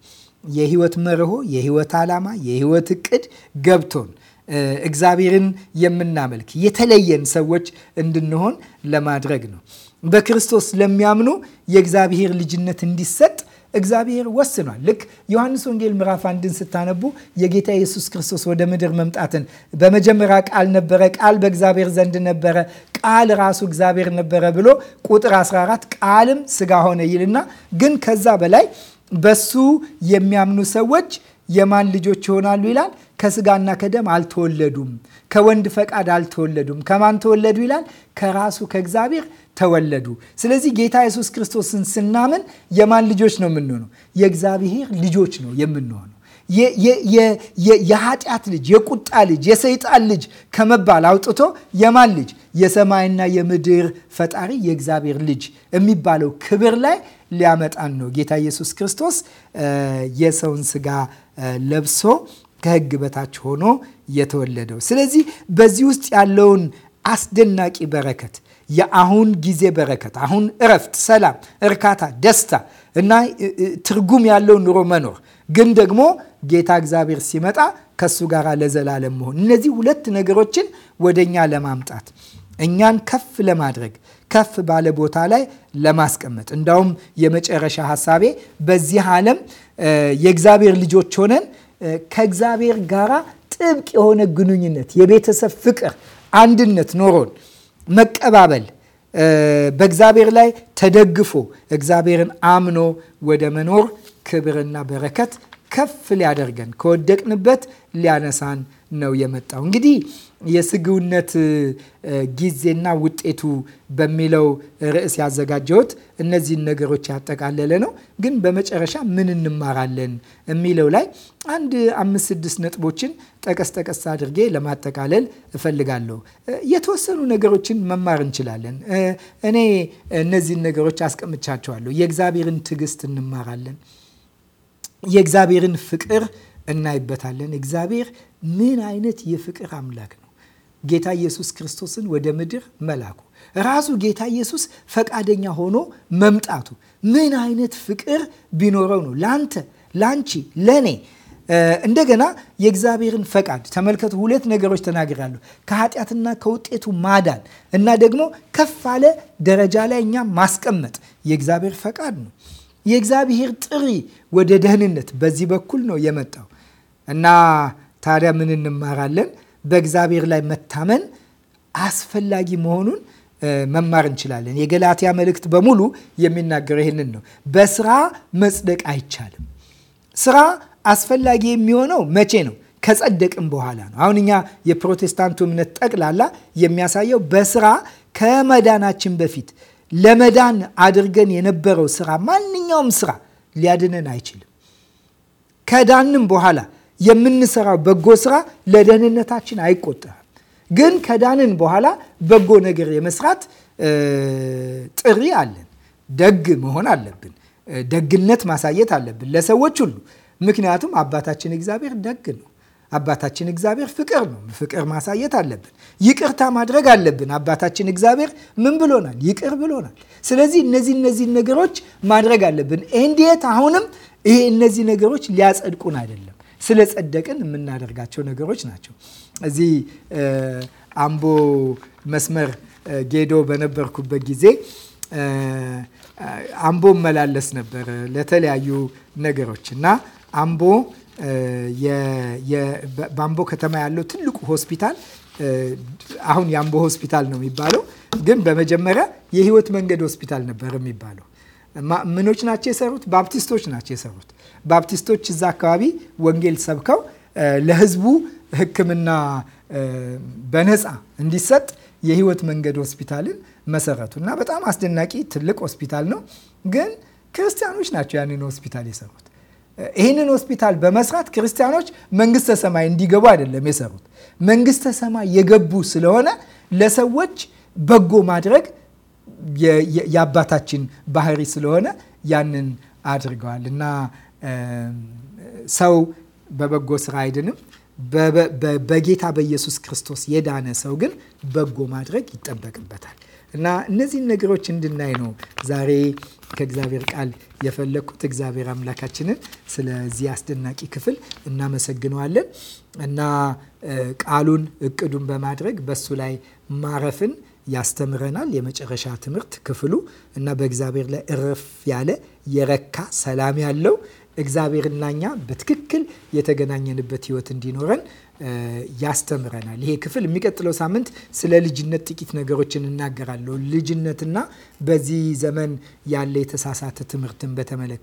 የህይወት መርሆ፣ የህይወት ዓላማ፣ የህይወት እቅድ ገብቶን እግዚአብሔርን የምናመልክ የተለየን ሰዎች እንድንሆን ለማድረግ ነው። በክርስቶስ ለሚያምኑ የእግዚአብሔር ልጅነት እንዲሰጥ እግዚአብሔር ወስኗል። ልክ ዮሐንስ ወንጌል ምዕራፍ አንድን ስታነቡ የጌታ ኢየሱስ ክርስቶስ ወደ ምድር መምጣትን በመጀመሪያ ቃል ነበረ፣ ቃል በእግዚአብሔር ዘንድ ነበረ፣ ቃል ራሱ እግዚአብሔር ነበረ ብሎ ቁጥር 14 ቃልም ስጋ ሆነ ይልና ግን ከዛ በላይ በሱ የሚያምኑ ሰዎች የማን ልጆች ይሆናሉ ይላል? ከስጋና ከደም አልተወለዱም፣ ከወንድ ፈቃድ አልተወለዱም። ከማን ተወለዱ ይላል? ከራሱ ከእግዚአብሔር ተወለዱ። ስለዚህ ጌታ ኢየሱስ ክርስቶስን ስናምን የማን ልጆች ነው የምንሆነው? የእግዚአብሔር ልጆች ነው የምንሆነው። የኃጢአት ልጅ፣ የቁጣ ልጅ፣ የሰይጣን ልጅ ከመባል አውጥቶ የማን ልጅ? የሰማይና የምድር ፈጣሪ የእግዚአብሔር ልጅ የሚባለው ክብር ላይ ሊያመጣን ነው። ጌታ ኢየሱስ ክርስቶስ የሰውን ስጋ ለብሶ ከህግ በታች ሆኖ የተወለደው። ስለዚህ በዚህ ውስጥ ያለውን አስደናቂ በረከት የአሁን ጊዜ በረከት፣ አሁን እረፍት፣ ሰላም፣ እርካታ፣ ደስታ እና ትርጉም ያለው ኑሮ መኖር ግን ደግሞ ጌታ እግዚአብሔር ሲመጣ ከእሱ ጋር ለዘላለም መሆን እነዚህ ሁለት ነገሮችን ወደኛ ለማምጣት እኛን ከፍ ለማድረግ ከፍ ባለ ቦታ ላይ ለማስቀመጥ እንዳውም የመጨረሻ ሀሳቤ በዚህ ዓለም የእግዚአብሔር ልጆች ሆነን ከእግዚአብሔር ጋራ ጥብቅ የሆነ ግንኙነት፣ የቤተሰብ ፍቅር፣ አንድነት ኖሮን መቀባበል በእግዚአብሔር ላይ ተደግፎ እግዚአብሔርን አምኖ ወደ መኖር ክብርና በረከት ከፍ ሊያደርገን ከወደቅንበት ሊያነሳን ነው የመጣው እንግዲህ የስግውነት ጊዜና ውጤቱ በሚለው ርዕስ ያዘጋጀሁት እነዚህን ነገሮች ያጠቃለለ ነው። ግን በመጨረሻ ምን እንማራለን የሚለው ላይ አንድ አምስት ስድስት ነጥቦችን ጠቀስ ጠቀስ አድርጌ ለማጠቃለል እፈልጋለሁ። የተወሰኑ ነገሮችን መማር እንችላለን። እኔ እነዚህን ነገሮች አስቀምቻቸዋለሁ። የእግዚአብሔርን ትዕግስት እንማራለን። የእግዚአብሔርን ፍቅር እናይበታለን። እግዚአብሔር ምን አይነት የፍቅር አምላክ ነው። ጌታ ኢየሱስ ክርስቶስን ወደ ምድር መላኩ ራሱ ጌታ ኢየሱስ ፈቃደኛ ሆኖ መምጣቱ ምን አይነት ፍቅር ቢኖረው ነው ለአንተ ለአንቺ ለእኔ እንደገና የእግዚአብሔርን ፈቃድ ተመልከቱ። ሁለት ነገሮች ተናግራሉ ከኃጢአትና ከውጤቱ ማዳን እና ደግሞ ከፍ አለ ደረጃ ላይ እኛ ማስቀመጥ የእግዚአብሔር ፈቃድ ነው። የእግዚአብሔር ጥሪ ወደ ደህንነት በዚህ በኩል ነው የመጣው እና ታዲያ ምን እንማራለን? በእግዚአብሔር ላይ መታመን አስፈላጊ መሆኑን መማር እንችላለን። የገላትያ መልእክት በሙሉ የሚናገረው ይህንን ነው። በስራ መጽደቅ አይቻልም። ስራ አስፈላጊ የሚሆነው መቼ ነው? ከጸደቅም በኋላ ነው። አሁን እኛ የፕሮቴስታንቱ እምነት ጠቅላላ የሚያሳየው በስራ ከመዳናችን በፊት ለመዳን አድርገን የነበረው ስራ ማንኛውም ስራ ሊያድነን አይችልም። ከዳንም በኋላ የምንሰራው በጎ ስራ ለደህንነታችን አይቆጠርም። ግን ከዳንን በኋላ በጎ ነገር የመስራት ጥሪ አለን። ደግ መሆን አለብን። ደግነት ማሳየት አለብን ለሰዎች ሁሉ። ምክንያቱም አባታችን እግዚአብሔር ደግ ነው። አባታችን እግዚአብሔር ፍቅር ነው። ፍቅር ማሳየት አለብን። ይቅርታ ማድረግ አለብን። አባታችን እግዚአብሔር ምን ብሎናል? ይቅር ብሎናል። ስለዚህ እነዚህ እነዚህ ነገሮች ማድረግ አለብን። እንዴት አሁንም ይሄ እነዚህ ነገሮች ሊያጸድቁን አይደለም ስለ ጸደቅን የምናደርጋቸው ነገሮች ናቸው። እዚህ አምቦ መስመር ጌዶ በነበርኩበት ጊዜ አምቦ መላለስ ነበር ለተለያዩ ነገሮች እና አምቦ በአምቦ ከተማ ያለው ትልቁ ሆስፒታል አሁን የአምቦ ሆስፒታል ነው የሚባለው፣ ግን በመጀመሪያ የህይወት መንገድ ሆስፒታል ነበር የሚባለው። ምኖች ናቸው የሰሩት? ባፕቲስቶች ናቸው የሰሩት። ባፕቲስቶች እዛ አካባቢ ወንጌል ሰብከው ለህዝቡ ህክምና በነፃ እንዲሰጥ የህይወት መንገድ ሆስፒታልን መሰረቱ እና በጣም አስደናቂ ትልቅ ሆስፒታል ነው። ግን ክርስቲያኖች ናቸው ያንን ሆስፒታል የሰሩት። ይህንን ሆስፒታል በመስራት ክርስቲያኖች መንግስተ ሰማይ እንዲገቡ አይደለም የሰሩት። መንግስተ ሰማይ የገቡ ስለሆነ ለሰዎች በጎ ማድረግ የአባታችን ባህሪ ስለሆነ ያንን አድርገዋል እና ሰው በበጎ ስራ አይድንም። በጌታ በኢየሱስ ክርስቶስ የዳነ ሰው ግን በጎ ማድረግ ይጠበቅበታል። እና እነዚህን ነገሮች እንድናይ ነው ዛሬ ከእግዚአብሔር ቃል የፈለግኩት። እግዚአብሔር አምላካችንን ስለዚህ አስደናቂ ክፍል እናመሰግነዋለን እና ቃሉን እቅዱን በማድረግ በሱ ላይ ማረፍን ያስተምረናል። የመጨረሻ ትምህርት ክፍሉ እና በእግዚአብሔር ላይ እረፍ ያለ የረካ ሰላም ያለው እግዚአብሔርና እኛ በትክክል የተገናኘንበት ህይወት እንዲኖረን ያስተምረናል። ይሄ ክፍል የሚቀጥለው ሳምንት ስለ ልጅነት ጥቂት ነገሮችን እናገራለሁ። ልጅነትና በዚህ ዘመን ያለ የተሳሳተ ትምህርትን በተመለከተ